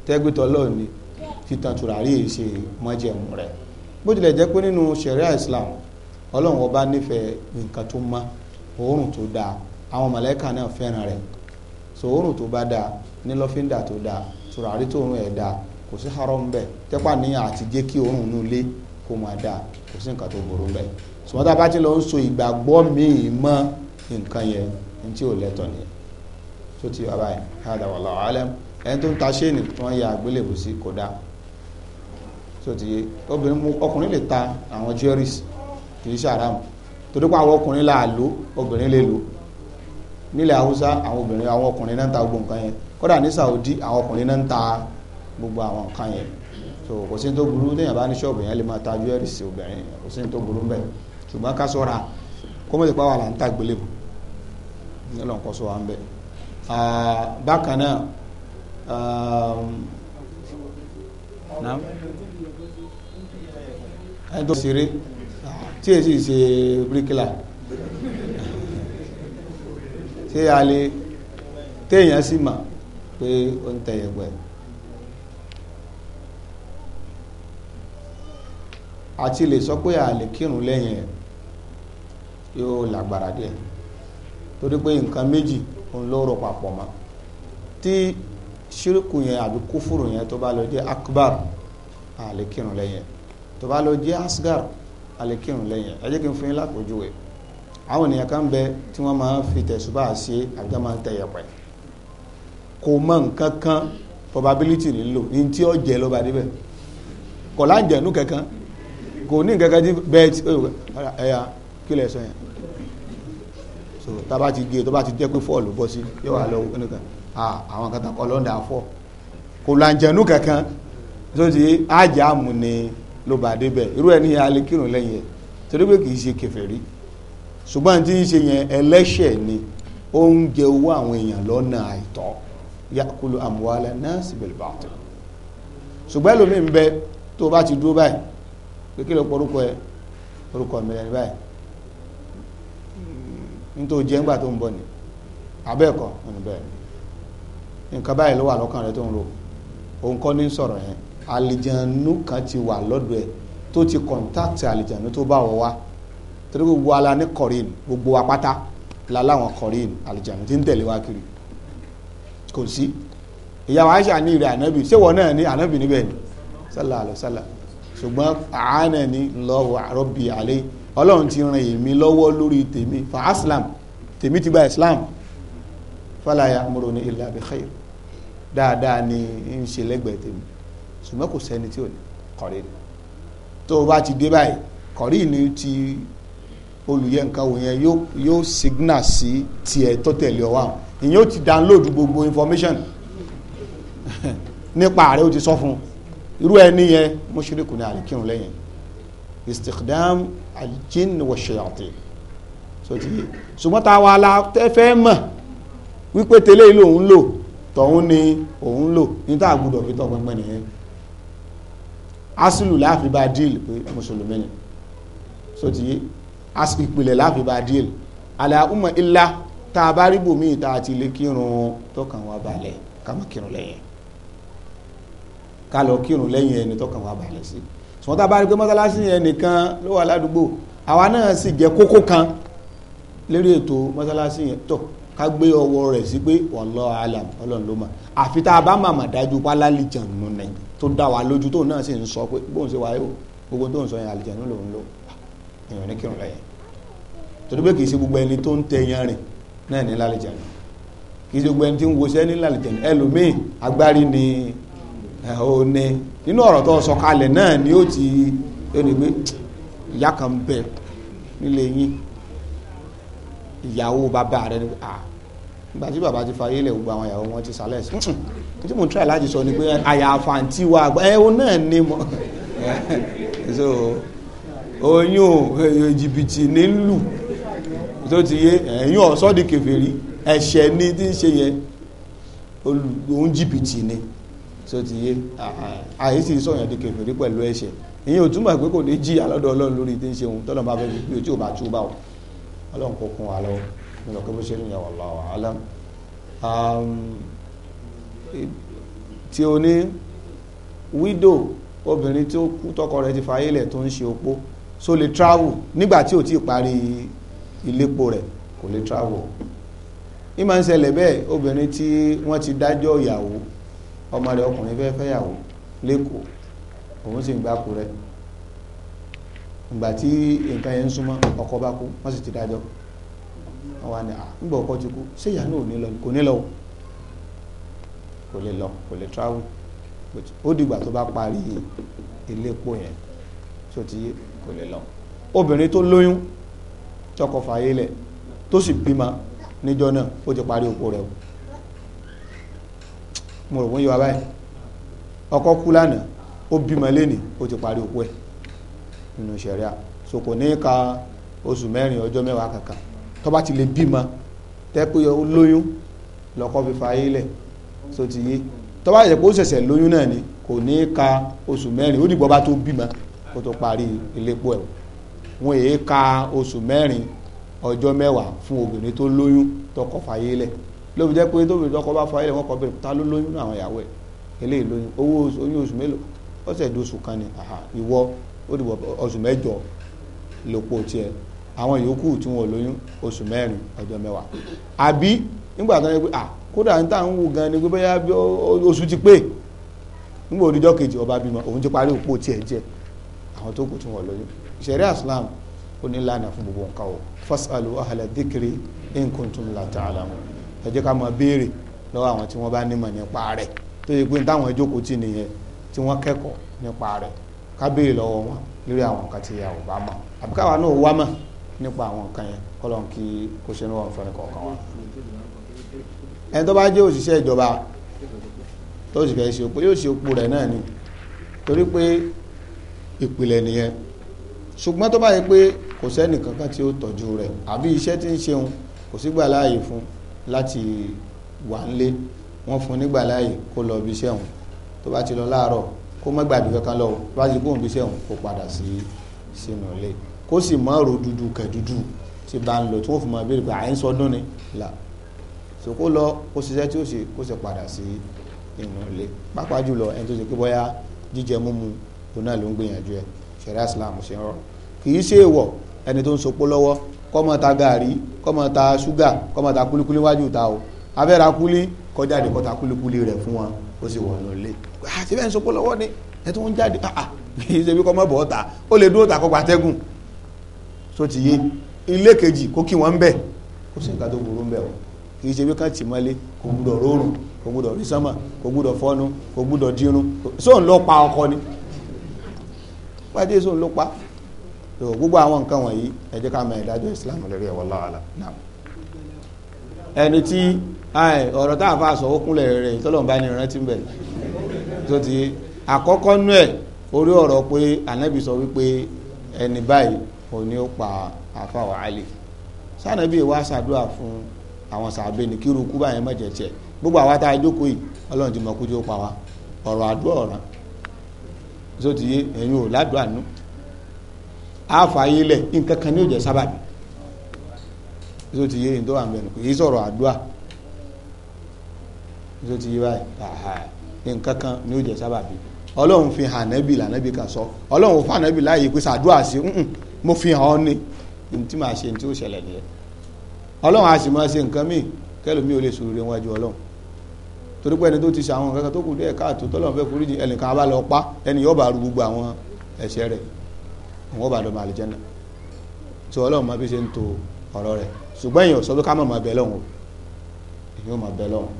tẹ́gbẹ́ tọlọ́run ni títan tùràrí yìí ṣe májẹ̀mú rẹ̀ bó tilẹ̀ jẹ́ pé nínú sharia islam ọlọ́run ọba nífẹ̀ẹ́ nǹkan tó mọ́ òórùn tó dáa àwọn mọ̀lẹ́kà náà fẹ́ràn rẹ̀ so òórùn tó bá dáa ní lọ́fíńdà tó dáa tùràrí tó òórùn ẹ̀ dáa kò sí haram bẹ́ẹ̀ tẹ́pà ní àti kí òórùn inú ilé kó máa dáa kò sí nǹkan tó burú bẹ́ẹ̀ ṣùgbọ́n tá a bá ti lọ ń so ìgbàgbọ́ míì mọ́ nǹkan yẹn tí ò lẹ́tọ̀ nìyẹn tó ti wá báyìí hádà wallahu alam ẹni tó ń ta ṣéènì tí wọ́n ya àgbélébù sí kò dáa tó ti yé obìnrin mu ọkùnrin lè ta àwọn jewelries kì í ṣàràmù torí pé àwọn ọkùnrin là á lò obìnrin lè lò nílẹ̀ haúsá àwọn obìnrin àwọn ọkùnrin náà ń ta gbogbo nǹkan yẹn kódà ní saudi àwọn ọkùnrin náà ń ta gbogbo àwọn nǹkan yẹn so kò sí ní tó burú téèyàn bá ní ṣọ́ọ̀bù yẹn lè máa ta jewelries obìnrin kò sí ní tó burú bẹ́ẹ̀ ṣùgbọ́n ká sọ́ra kó mọ̀ sí pé àwọn là ń ta gbélébù ní ọlọ́nkọ́ sọ wa ń bẹ̀. Ah, bákan náà um, ẹni tó ṣeré tí èsì ṣe bíríkìlà ṣé a lè téèyàn sì mà pé ó ń tẹ̀yẹ̀ pẹ̀. àti lè sọ pé a lè kírun lẹ́yìn ẹ̀ yóò lágbára díẹ̀ torí pé nǹkan méjì ń lóró papọ̀ mọ́ tí ṣírìkù yẹn àbí kúfùrù yẹn tó bá lọ jẹ́ akbar àlékírun lẹ́yìn tó bá lọ jẹ́ asgar àlékírun lẹ́yìn ẹ jẹ́ kí n fún yín lápòjúwe àwọn ènìyàn kan bẹ tí wọ́n máa ń fi tẹ̀sùbá ṣe àbí tó máa ń tẹ̀yẹ̀ pẹ̀ kò mọ nǹkan kan probability nílò ní tí ó jẹ ló bá débẹ̀ kọ̀ láǹjẹ̀nú kankan kò ní nǹkan kan tí bẹ́ẹ̀ ẹ̀yà kí lè sọ yẹn so tába ti gé tó bá ti jẹ́ pé fọ́ọ̀lù bọ́ sí yóò wà lọ nìkan àwọn kankan kọ́ lọ́ndà fọ́ kò lànjẹ̀nú kankan tó ti ájà mú ni ló bá débẹ̀ irú ẹni alẹ́ kírun lẹ́yìn ẹ̀ torí pé kì í ṣe kèfèrí ṣùgbọ́n tí ń ṣe yẹn ẹlẹ́ṣẹ̀ ni ó ń jẹ owó àwọn èèyàn lọ́nà àìtọ́ yakulu amuwala nasi bil batil ṣùgbọ́n ẹlòmíì ń bẹ tó bá ti dúró báyìí pé kí ló pọ̀ orúkọ ẹ orúkọ mi báyìí nítorí jẹ́ ńgbà tó ń bọ̀ ni abẹ́ẹ̀kọ́ oníbẹ̀ nǹkan báyìí ló wà lọ́kàn rẹ tó ń ro òun kọ́ ní sọ̀rọ̀ yẹn àlìjànú kan ti wà lọ́dọ̀ ẹ̀ tó ti kọ̀ǹtáàtì àlìjànú tó bá wọ̀ wá torí gbogbo ala ní kọ̀rin gbogbo wa pátá la láwọn kọ̀rin àlìjànú ti ń tẹ̀lé wa kiri kò sí ìyàwó Aisha ní ìrẹ ànábì ṣé wọn náà ní ànábì níbẹ̀ ni sallallahu alaihi wasallam ṣùgbọ́n àánẹ̀ ni lọ́wọ́ àrọ́bì àlẹ́ ọlọ́run ti ràn èmi lọ́wọ́ lórí tèmi fa aslam tèmi ti gba islam fàlàyà amúrò ní illa bi khair dáadáa ni ń ṣe lẹ́gbẹ̀ẹ́ tèmi ṣùgbọ́n kò sẹ́ni tí ò ní kọ̀rí ni tó o bá ti dé báyìí kọ̀rí ni ti olùyẹ nǹkan wò yẹn yóò signal sí tiẹ̀ tó tẹ̀lé ọwọ́ àwọn ìyẹn ó ti download gbogbo information nípa ààrẹ ó ti sọ fún irú ẹni yẹn mushriku ní àríkírun lẹ́yìn istikdam aljin wa shayatin so ṣùgbọ́n tá a wà la fẹ́ mọ̀ wípé tẹ́lẹ̀ ilé òun lò tọ̀hún ni òun lò ní tá a gbúdọ̀ fi tọ̀ pẹ́pẹ́ nìyẹn asìlù láàfin bá díìl pé mùsùlùmí ni sọtí ìpìlẹ̀ láàfin bá díìl àlàúmọ̀ ilá tá a bá rí bòmíì tá a ti lè kírun tọkàn wa balẹ̀ ká má kírun lẹ́yìn ká lọ kírun lẹ́yìn ẹni tọkàn wa balẹ̀ sí i ṣùgbọ́n tá a bá rí pé mọ́sálásí yẹn nìkan ló wà ládùúgbò àwa náà sì jẹ́ kókó kan lérí ètò mọ́sálásí yẹn tọ̀ ká gbé ọwọ́ rẹ̀ sí pé wallahu alam ọlọ́run ló mà àfi tá a bá màmá dájú pa lálìjàn nù nẹ̀ tó dá wa lójú tóun náà sì ń sọ pé bóun ṣe wáyé o gbogbo tóun sọ yẹn àlìjàn nù lòun lò èèyàn ní kírun lẹ́yìn torí pé kì í ṣe gbogbo ẹni tó ń tẹ yan rìn náà ní lálìjàn kì í ṣe gbogbo ẹni tí ń woṣẹ́ ní lálìjàn ẹlòmíì agbárí ni ẹ̀ nínú ọ̀rọ̀ tó sọ kalẹ̀ náà ni ó ti ẹni pé ìyá kan bẹ nílé yín ìyàwó bàbá rẹ ni à nígbà tí bàbá ti fayé lẹ̀ gbogbo àwọn ìyàwó wọn ti sálẹ̀ sí tí mo ń try láti sọ ni pé àyàfà tí wà ẹ̀hún náà ni mo so oyún jìbìtì nílùú tó ti yé ẹ̀yìn ọ̀sọ́ di kèfèrí ẹ̀ṣẹ̀ ni tí ń ṣe yẹn òun jìbìtì ni so ti yé àyè sì sọ yẹn di kèfèrí pẹ̀lú ẹ̀ṣẹ̀ ìyẹn ò túmọ̀ pé kò ní jí àlọ́dọ̀ ọlọ́run lórí tí ń ṣe òun tọ́lọ́ bá fẹ́ fi pé tí ò bá tú bá o ọlọ́run kò kún wa lọ́wọ́ nínú ọkọ̀ bó ṣe rìn yàwó lọ́wọ́ alam tí o ní wídò obìnrin tí ó kú tọkọ rẹ̀ ti fayé lẹ̀ tó ń ṣe opó so lè travel nígbà tí ò tí ì parí ilépo rẹ̀ kò lè travel ìmọ̀ ń ṣẹlẹ̀ bẹ́ẹ̀ obìnrin tí wọ́n ti dájọ́ ìyàwó ọmọ rẹ̀ ọkùnrin fẹ́ fẹ́yàwó lẹ́kọ̀ọ́ òun sì ń gbá kú rẹ̀ ìgbà tí nǹkan yẹn ń súnmọ́ ọkọ bá kú wọ́n sì ti dájọ́ wọ́n wá ní à nígbà ọkọ ti kú ṣé ìyá náà ò ní lọ kò ní lọ kò lè lọ kò lè travel ó dìgbà tó bá parí iléepo yẹn tó ti kò lè lọ obìnrin tó lóyún tọkọ fàyè lẹ̀ tó sì bímọ níjọ́ náà ó ti parí opó rẹ̀ o mo rò wọ́n yọ abáyé ọkọ kú lánàá ó bímọ lẹ́nìí ó ti parí òkú ẹ̀ nínú ṣẹ̀ríà so kò ní ka oṣù mẹ́rin ọjọ́ mẹ́wàá kankan tó bá ti lè bímọ tẹ́pẹ́ lóyún lọ́kọ́ fi fa ayélẹ̀ so ti yé tó bá yẹ kó ṣẹ̀ṣẹ̀ lóyún náà ni kò ní ka oṣù mẹ́rin ó dìgbọ́ bá tó bímọ kó tó parí ilépo ẹ̀ wọn èé ka oṣù mẹ́rin ọjọ́ mẹ́wàá fún obìnrin tó lóyún tọkọ fàyélẹ̀ ló fi jẹ́ pé tóbi lọ́kọ bá fa ilẹ̀ wọn kọ bẹ̀rẹ̀ ta ló lóyún náà àwọn ìyàwó ẹ̀ eléyìí lóyún owó oyún oṣù mélòó ọ̀sẹ̀ di oṣù kan ni ìwọ ó dìbò oṣù mẹ́jọ lòpò tiẹ̀ àwọn yòókù tí wọn lóyún oṣù mẹ́rin ọjọ́ mẹ́wàá àbí nígbà tó ń yẹ pé kódà ń tà ń wù gan ni ọba bímọ òun ti parí òpó tiẹ̀ jẹ àwọn tó kù tí wọn lóyún gbogbo nǹkan o fasalu ahlad ẹ jẹ́ ká máa béèrè lọ́wọ́ àwọn tí wọ́n bá nímọ̀ nípa rẹ̀ tó yẹ pé táwọn ìjókòó tì nìyẹn tí wọ́n kẹ́kọ̀ọ́ nípa rẹ̀ ká béèrè lọ́wọ́ wọn lórí àwọn nǹkan tí a ò bá mọ̀ àbí káwa náà wá mọ̀ nípa àwọn nǹkan yẹn kọ́lọ́n kí kó ṣe níwọ̀n fún ẹnìkọ̀ọ̀kan wa. ẹni tó bá jẹ́ òṣìṣẹ́ ìjọba tó sì fẹ́ ṣe òpó yóò ṣe òpó rẹ̀ náà ni torí pé ìpìlẹ̀ nìyẹn ṣùgbọ́n tó bá yẹ pé kò sẹ́nì kankan tí ó tọ́jú rẹ̀ àbí iṣẹ́ tí ń ṣeun kò sígbà láàyè fún un láti wà nílé wọ́n fún nígbà láàyè kó lọ bí iṣẹ́ òun tó bá ti lọ láàárọ̀ kó má gbàgbé kankan lọ tó bá ti kó òun bí iṣẹ́ òun kó padà sí sínú ilé kó sì má ro dúdú kẹ dúdú tí bá ń lọ tí wọ́n fún ma béèrè pé à ń sọdún ni là so kó lọ kó ṣiṣẹ́ tí ó ṣe kó sì padà sí inú ilé pàápàá jùlọ ẹni tó ṣe pé bóyá jíjẹ múmu òun náà ló ń gbìyànjú ẹ ṣẹ̀ríà Islam ṣe ń kì í ṣe èèwọ̀ ẹni tó ń sopó lọ́wọ́ kọ́ mọ́ ta gàrí kọ́ mọ́ ta ṣúgà kọ́ ta kúlíkúlí wájú ta o abẹ́ra kuli, kọjá àdè kọ́ ta kúlíkúlí rẹ̀ fún wọn ó sì wọ̀ lọ lé àti ah, bẹ́ẹ̀ ń sopọ̀ lọ́wọ́ ni ẹ tó ń jáde ah, ah, kì í ṣe bí kọ́ mọ́ bọ̀ ta ó lè dúró ta kọ́ gbatẹ́gùn tó ti yé ilé kejì kó kí wọ́n ń bẹ̀ kó sì ń ká tó burú ń bẹ̀ o kì í ṣe bí ká tì mọ́lé kò gbúdọ̀ rórùn kò gbúdọ̀ rí sánmà kò gbúdọ̀ fọ́nu kò gbúdọ̀ dírun sóun ló pa ọkọ ni wájú sóun ló pa so gbogbo àwọn nǹkan wọ̀nyí ẹ jẹ́ ká mọ ìdájọ́ islam lórí ẹ̀ wallahu alam náà ẹni tí ọ̀rọ̀ tá a fa àsọ̀wọ́ kúnlẹ̀ rẹ̀ ìtọ́lọ́mbá ni rántí bẹ̀ tó ti àkọ́kọ́ nú ẹ̀ orí ọ̀rọ̀ pé ànábì sọ wípé ẹni báyìí ò ní ó pa àfàwọ̀ àlè sànàbí wa ṣàdúrà fún àwọn sàbẹ̀ ní kí irukú báyìí má jẹ̀ tiẹ̀ gbogbo àwa tá a jókòó yìí ọlọ́run ti mọ̀ kú tí ó pa wa ọ̀rọ̀ àdúrà ọ̀ràn tó ti yé ẹ̀yin ò ládùúrà nù àfààyè lẹ̀ nǹkan kan ní òjẹ́ sábàbí tó ti yé tó wà ń bẹ̀rù kìí sọ̀rọ̀ àdúrà tó ti yé báyìí nǹkan kan ní òjẹ́ sábàbí ọlọ́run fi hàn nẹ́bì lànẹ́bì kan sọ ọlọ́run fún ànẹ́bì láàyè pé sàdúrà sí mo fi hàn ọ́ ni ní tí màá ṣe ní tí ó ṣẹlẹ̀ nìyẹn ọlọ́run a sì máa ṣe nǹkan míì kẹlòmíì ò lè sùúrù wájú ọlọ́run torí pé ẹni tó ti ṣe àwọn tó kù díẹ̀ káàtó tọ́lọ́run fẹ́ foríjì ẹnìkan abá lọ pa ẹni yóò bá ru gbogbo àwọn ọba àdọ́mọ àlìjẹ́nà tí ọlọ́run máa fi ṣe ń to ọ̀rọ̀ rẹ̀ ṣùgbọ́n èèyàn sọ pé ká mọ̀ máa bẹ lọ́hùn èèyàn máa bẹ lọ́hùn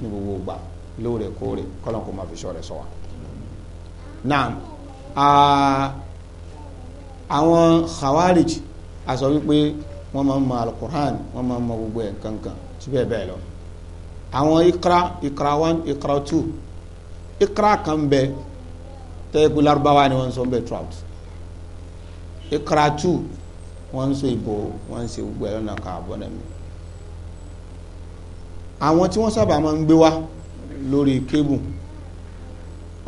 ní gbogbo ìgbà lóòrèkóòrè kọ́lọ́n kò máa fi ṣọ́ rẹ̀ sọ wa. náà àwọn khawarij a sọ wípé wọ́n máa ń mọ alukur'an wọ́n máa ń mọ gbogbo ẹ̀ kankan tí bẹ́ẹ̀ bẹ́ẹ̀ lọ. àwọn ikra ikra one ikra two ikra kan bẹ tẹ́ẹ̀kú lárúbáwá ni wọ́n sọ ń bẹ trout ikratu wọ́n ń so ìbò wọ́n ń ṣe gbogbo ẹ̀ lọ́nà kààbọ̀ náà mi àwọn tí wọ́n sábà máa ń gbé wá lórí kébù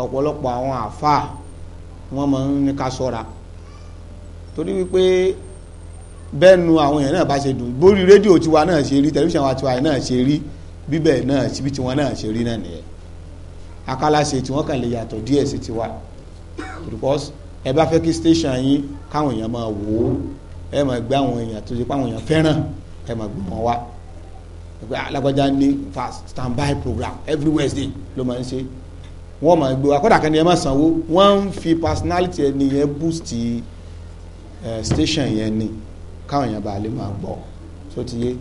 ọ̀pọ̀lọpọ̀ àwọn àfáà wọ́n máa ń ní ká sọ́ra torí wípé bẹ́ẹ̀ nu àwọn èèyàn náà bá ṣe dùn bórí rédíò tiwa náà ṣe rí tẹlifíṣàn wa tiwa náà ṣe rí bíbẹ̀ náà síbi tiwọn náà ṣe rí náà nìyẹn akálàṣe tiwọn kàn lè yàtọ̀ díẹ̀ sí tiwa because ẹ bá fẹ́ kí station yín káwọn èèyàn máa wò ó ẹ máa gbé àwọn èèyàn tó ṣe pé àwọn èèyàn fẹ́ràn ẹ máa gbé wọn wá alágbájá ní fast stand by program every Wednesday ló máa ń ṣe wọ́n máa gbé wa kódà kan ní ẹ máa sanwó wọ́n ń fi personality ẹni yẹn boost station yẹn ni káwọn èèyàn bá lè máa gbọ́ tó ti yé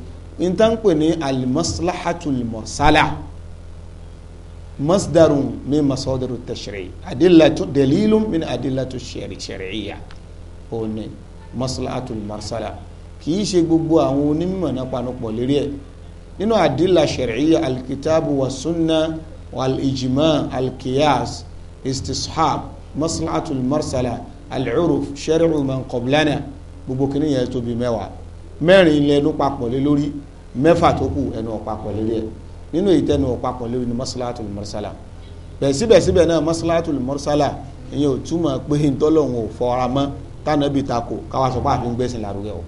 n tán pè ní alimaslahatul masala masdarun min masadiru tashri adilatu dalilun min adilatu shari'iyya òní maslahatul marsala kì í ṣe gbogbo àwọn onímọ̀ náà panupọ̀ lérí ẹ̀ nínú àdìlà shar'iyya alkitabu wa sunna wal ijma alkiyas istishab maslahatul marsala al'uruf shar'u man qablana gbogbo kìíní yẹn tóbi mẹ́wàá mẹ́rin lẹ́nu papọ̀ lé lórí mẹ́fà tó kù ẹnu ọ̀pápọ̀ lérí ẹ̀ nínú ìtẹ́nu ọ̀pápọ̀ lérí ni maslahatul marsala bẹ́ẹ̀ síbẹ̀síbẹ̀ náà maslahatul marsala ìyẹn ò túmọ̀ pé ntọ́lọ́hún ò fọ́ra mọ́ tánàbí takò káwá sọ pé àfi ń gbẹ́sìn lárugẹ o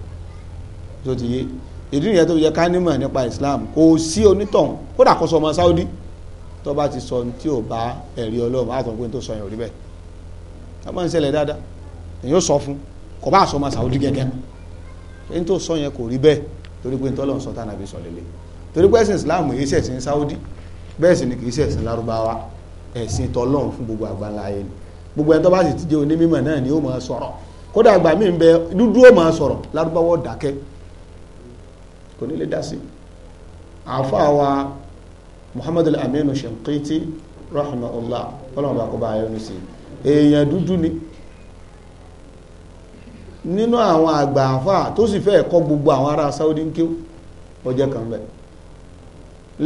tó ti yé ìdí nìyẹn tó yẹ ká nímọ̀ nípa Islam kò sí onítọ̀hún kódà kó sọ ọmọ Saudi tó bá ti sọ tí ò bá ẹ̀rí Ọlọ́run á sọ pé tó sọ yẹn ò rí bẹ́ẹ̀ ká máa ń ṣẹlẹ̀ dáadáa èyí ó sọ fún kò bá sọ ọmọ Saudi gẹ́gẹ́ ẹni tó sọ yẹn kò rí bẹ́ẹ̀ torí pé tọ́lọ́run sọ tánàbí sọ lélẹ̀ torí pé ẹ̀sìn Islam yìí ṣẹ̀sìn Saudi bẹ́ẹ̀ sì ni kì í ṣẹ̀sìn Lárúbáwá ẹ̀sìn tọ́lọ́run fún gbogbo àgbáńlá ayé ni gbogbo ẹni tó bá sì ti jẹ́ onímọ̀ náà ni ó máa sọ̀rọ̀ kódà àgbà mi ń bẹ dúdú ó máa sọ̀rọ̀ lárúbáwọ̀ kò ní lè dá sí àáfàá wa muhammad al-aminu shinqiti rahimahullah ọlọ́run bá kó bá ayọ́ ní sí èèyàn dúdú ni nínú àwọn àgbà àáfàá tó sì fẹ́ kọ́ gbogbo àwọn ará saudi ń kíw ọjọ́ kan bẹ̀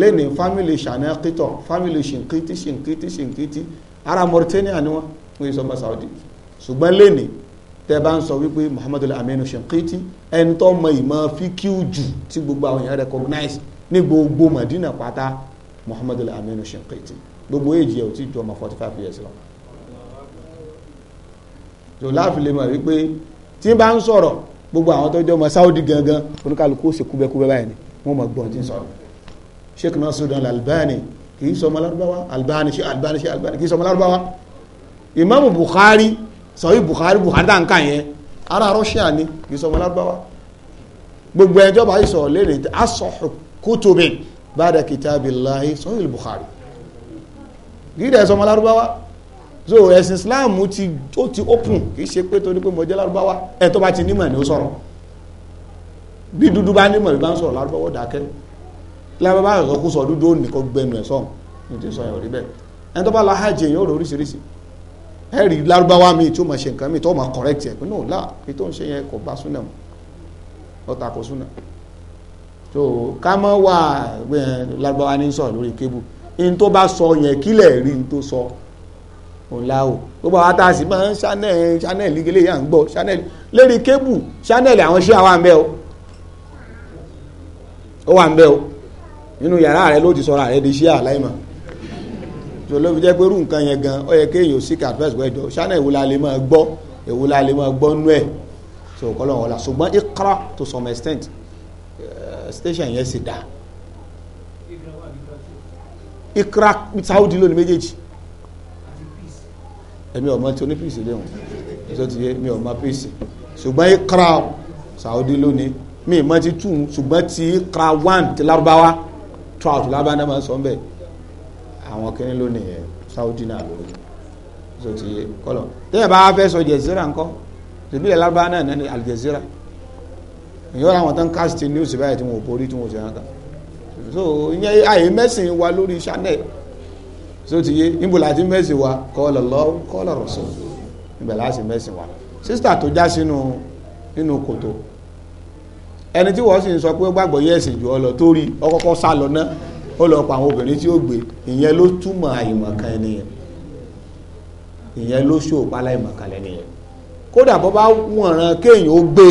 lẹ́ni fámìlì shanakitọ̀ fámìlì shinqiti shinqiti shinqiti ará mauritania ni wọ́n ń sọ ọmọ saudi ṣùgbọ́n lẹ́ni tẹ bá ń sọ wípé muhammadu aminu shankiti ẹni tó mọ ìmọ̀ fíkíù jù tí gbogbo àwọn èèyàn recognize ní gbogbo madina pátá Muhammad aminu shankiti gbogbo èjì ẹ̀ ò tí ju ọmọ forty five years lọ. tó láàfin lè mọ̀ wípé tí bá ń sọ̀rọ̀ gbogbo àwọn tó jẹ́ ọmọ saudi gangan oníkàlùkù ó sì kúbẹ́kúbẹ́ báyìí ni wọ́n mọ̀ gbọ́n tí ń sọ̀rọ̀ sheikh nasiruddin albani kì í sọ ọmọ lárúbáwá albani sheikh albani sheikh albani kì í sọ ọmọ lárúbáwá imaamu bukhari sọ̀rọ̀ Bukhari Bukhari tá n kà yẹn ara Russia ni kì í sọ ọmọ lágbáwá gbogbo ẹjọ́ bá yìí sọ̀rọ̀ lẹ́nu asọ̀hù kútùbí bada kitabillahi sọ̀rọ̀ Bukhari kì í dẹ̀ sọ ọmọ lágbáwá so ẹ̀sìn Islam ti ó ti open kì í ṣe pé torí pé mo jẹ́ lágbáwá ẹ̀ tó bá ti nímọ̀ ni ó sọ̀rọ̀ bí dúdú bá nímọ̀ bí bá ń sọ̀rọ̀ lágbáwá dákẹ́ lábẹ́ bá yọ̀ sọ kó sọ dúdú ó nìkan gbẹnu ẹ̀ sọ̀rọ̀ ẹ rí lárúbáwá mi tí ó máa ṣe nǹkan mi tó máa correct ẹ pé no là pé tó ń ṣe yẹn kò bá súnà mu ọ̀tà kò súnà so ká mọ́ wà lárúbáwá ní sọ̀rọ̀ lórí kébù in tó bá sọ yẹn kílẹ̀ rí in tó sọ òǹlà o gbogbo a àtàsí máa ń channel channel lígele yà ń gbọ́ channel lérí kébù channel àwọn ṣé àwọn àmbẹ́ o ó wà ń bẹ́ o nínú yàrá rẹ ló ti sọ̀rọ̀ tó ló fi jẹ́ pé irú nǹkan yẹn gan ó yẹ kéèyàn sí kàtúwẹ̀sì pẹ̀jọ ṣáná ìwúlá lè máa gbọ́ ìwúlá lè máa gbọ́ nú ẹ̀ so kọ́lọ́ wọn la ṣùgbọ́n Iqra to some extent eh, station yẹn sì dá Iqra Saudi lónìí méjèèjì èmi ọmọ tí oní píìsì léwu tó ti yé mi ọmọ píìsì ṣùgbọ́n Iqra Saudi lónìí mi ìmọ̀ ti tù ṣùgbọ́n ti Iqra one ti lárúbáwá twelve lábáná máa ń sọ bẹ́ẹ̀ àwọn kìnìún ló nìyẹn Saudi náà ló ní so ti yé kọlọ tẹ́yẹ̀ bá fẹ́ sọ Jazeera ńkọ́ tẹ̀bí ẹ̀ lábá náà náà ní Al Jazeera ìyọ́ra àwọn tán kásìtì news báyìí tí wọn ò borí tí wọn ò sì rántà so ìyẹn àyè mẹ́sìn wa lórí channel so ti yé níbo láti mẹ́sìn wa kọ́ọ̀lọ̀ lọ́wọ́ kọ́ọ̀lọ̀ rọ̀sọ̀ níbẹ̀ láti wa sísítà tó já sínú nínú kòtò ẹni tí wọ́n sì ń sọ pé gbàgbọ́ yẹ̀sìn jù ọ lọ torí ọkọ̀kọ́ sá lọ náà ó lọ pa àwọn obìnrin tí ó gbé ìyẹn ló túmọ̀ àìmọ̀kan ẹni yẹn ìyẹn ló ṣòpá láìmọ̀kan ẹni yẹn kódà bó bá wọ̀nràn kéèyàn ó gbé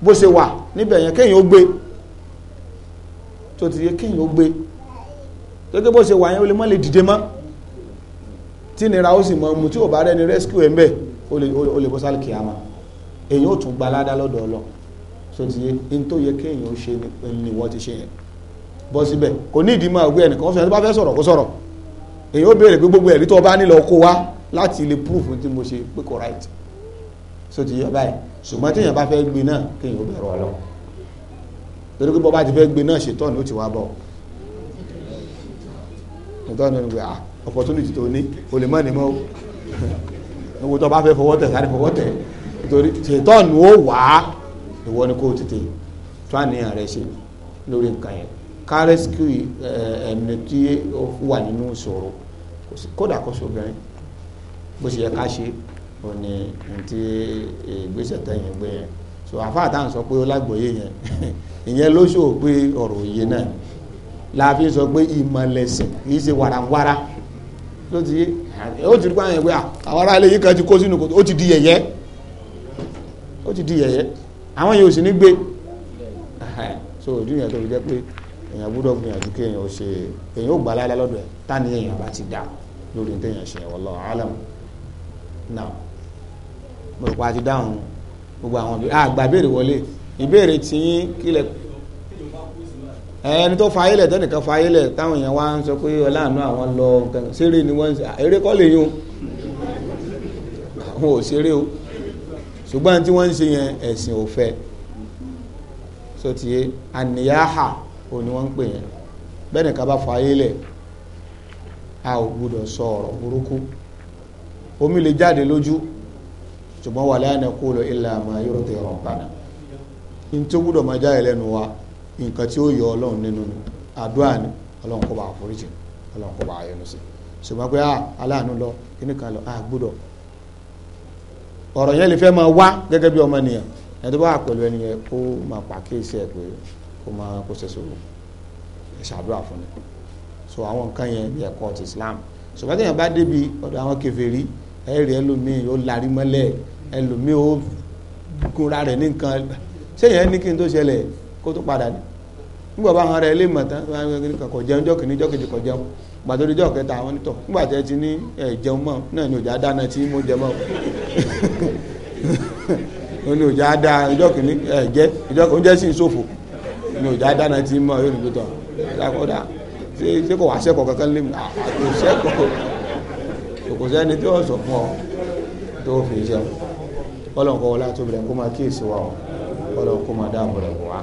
bó ṣe wà níbẹ̀ yẹn kéèyàn ó gbé tó ti yẹ kéèyàn ó gbé gẹ́gẹ́ bó ṣe wà yẹn ó lè mọ́ lè dìde mọ́ tí nira ó sì mọ mu tí ò bá rẹni rescue ẹ̀ ń bẹ̀ ó lè bọ́ sálì kìámà èyàn ò tún gbaládá lọ́dọ̀ ọlọ́ so ti yẹ in tó yẹ kéèyàn ó ṣe ni wọ́n ti ṣe yẹn bọ́ síbẹ̀ kò ní ìdí máa wí ẹnìkan fẹ́ tó bá fẹ́ sọ̀rọ̀ kó sọ̀rọ̀ èyí ó béèrè pé gbogbo ẹ̀rí tó bá nílò kó wá láti lè proof tí mo ṣe pé kò right so ti yọ báyìí ṣùgbọ́n téèyàn bá fẹ́ gbin náà kéèyàn ó bẹ̀rù ọlọ́ torí pé bọ́ bá ti fẹ́ gbin náà ṣètọ́ ni ó ti wá bọ̀ ṣètọ́ ni ó ti wá ah, opportunity tó ní o lè mọ́ ni mọ́ o owó tó bá fẹ́ fọwọ́ tẹ̀ sáré fọwọ́ tẹ̀ torí ṣètọ́ ni ó wà á ìwọ ni kó o tètè tó àníyàn rẹ ṣe lórí nǹkan yẹn ká rescue ẹni tí ó wà nínú ìṣòro kódà kó sóbìnrin bó ṣe yẹ ká ṣe ò ní ti ìgbésẹ̀ tẹ̀yìn gbé yẹn so àfáà tá à ń sọ pé ó lágbòye yẹn ìyẹn ló ṣòwò pé ọ̀rọ̀ òye náà la fi sọ pé ìmọ̀lẹ̀sìn kì í ṣe wàràwàrà ló ti yé ó ti dúpọ̀ àyẹ̀wò ah, àwọn ará yìí kan ti kó sínú kòtò ó ti di yẹ̀yẹ́ ó ti di yẹ̀yẹ́ àwọn yìí ò sì ní gbé so òdú yẹn tó fi jẹ́ pé èèyàn gbọ́dọ̀ gbìyànjú kí èèyàn ó ṣe èèyàn ó gbà láyé lọ́dọ̀ ẹ̀ tani èèyàn bá ti dà lórí ní téèyàn ṣe wallahu alam náà mo rò pé a ti dáhùn gbogbo àwọn ìbéèrè àgbà béèrè wọlé ìbéèrè tiyín kílẹ̀ ẹni tó fa ayélẹ̀ tẹ́nìkan fa ayélẹ̀ táwọn èèyàn wá ń sọ pé ọláàánú àwọn lọ ṣeré ni wọ́n ń ṣe eré kọ́ lè yún àwọn ò ṣeré o ṣùgbọ́n tí wọ́n ń ṣe yẹn ẹ̀sìn ò fẹ́ sotiye aniyaha ò ní wọ́n ń pè yẹn bẹ́ẹ̀ nìkan bá fọ ayé lẹ̀ a ò gbúdọ̀ sọ ọ̀rọ̀ burúkú omi lè jáde lójú ṣùgbọ́n wà láàánú kó lọ ilà àmà yóò tẹ ọ̀rọ̀ padà ní tó gbúdọ̀ máa jáde lẹ́nu wa nǹkan tí ó yọ ọlọ́run nínú àdúrà ni ọlọ́run kó bá àforíjì ọlọ́run kó bá àyọnu sí ṣùgbọ́n pé ah, aláàánú lọ kíní kan lọ a gbúdọ̀ ọ̀rọ̀ yẹn lè fẹ́ máa wá gẹ́gẹ́ bí ọmọ nìyàn ẹni tó bá wà pẹ̀lú ẹni yẹn kó máa pàkíyèsí ẹ̀ pé kó máa kó ṣe sòrò ṣàdúrà fún ni so àwọn nǹkan yẹn ní ẹ̀kọ́ ti Islam ṣùgbọ́n tẹ̀yìn bá débi ọ̀dọ̀ àwọn kèfèrí ẹ̀rì ẹlòmíì ó larí mọ́lẹ̀ ẹlòmíì ó gúnra rẹ̀ ní nǹkan ṣéyìn ẹni kí n tó ṣẹlẹ̀ kó tó padà ní nígbà bá hàn rẹ̀ ilé mọ̀ tán kò jẹun jọ́ kìíní jọ́ kejì kò jẹun gbàtò ní jọ́ kẹta àwọn nítọ̀ nígbà tẹ́ ti ní jẹun mọ́ náà ni òjá dáná tí mo jẹ mọ́ ó ní òjá dáa ìjọ́ kìíní ẹ̀ jẹ́ ìjọ́ kìíní ó jẹ́ sí mi ò já dáná tí mọ̀ yóò nígbè tọ̀ ọ̀dà ṣé ṣé kò wá sẹ́kọ̀ọ́ kankan lé mi àkó ah, sẹ́kọ̀ọ́ kò sẹ́ni tí wọ́n sọ fún ọ tó fi ṣe ọlọ́run kọ́ wọlé àtúbí rẹ̀ kó máa kíyèsí wa ọ ọlọ́run kó máa dáàbò rẹ̀ wá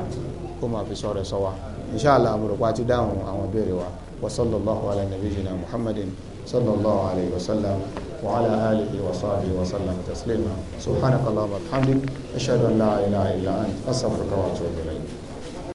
kó máa fi sọ rẹ̀ sọ wa inṣáàlá àmúròpá ti dáhùn àwọn ìbéèrè wa wa sallallahu ala muhammadin sallallahu alayhi wa sallam wa ala alihi wa sahbihi wa sallam taslima subhanakallahumma wa bihamdik ashhadu an la ilaha illa anta astaghfiruka wa atubu ilayk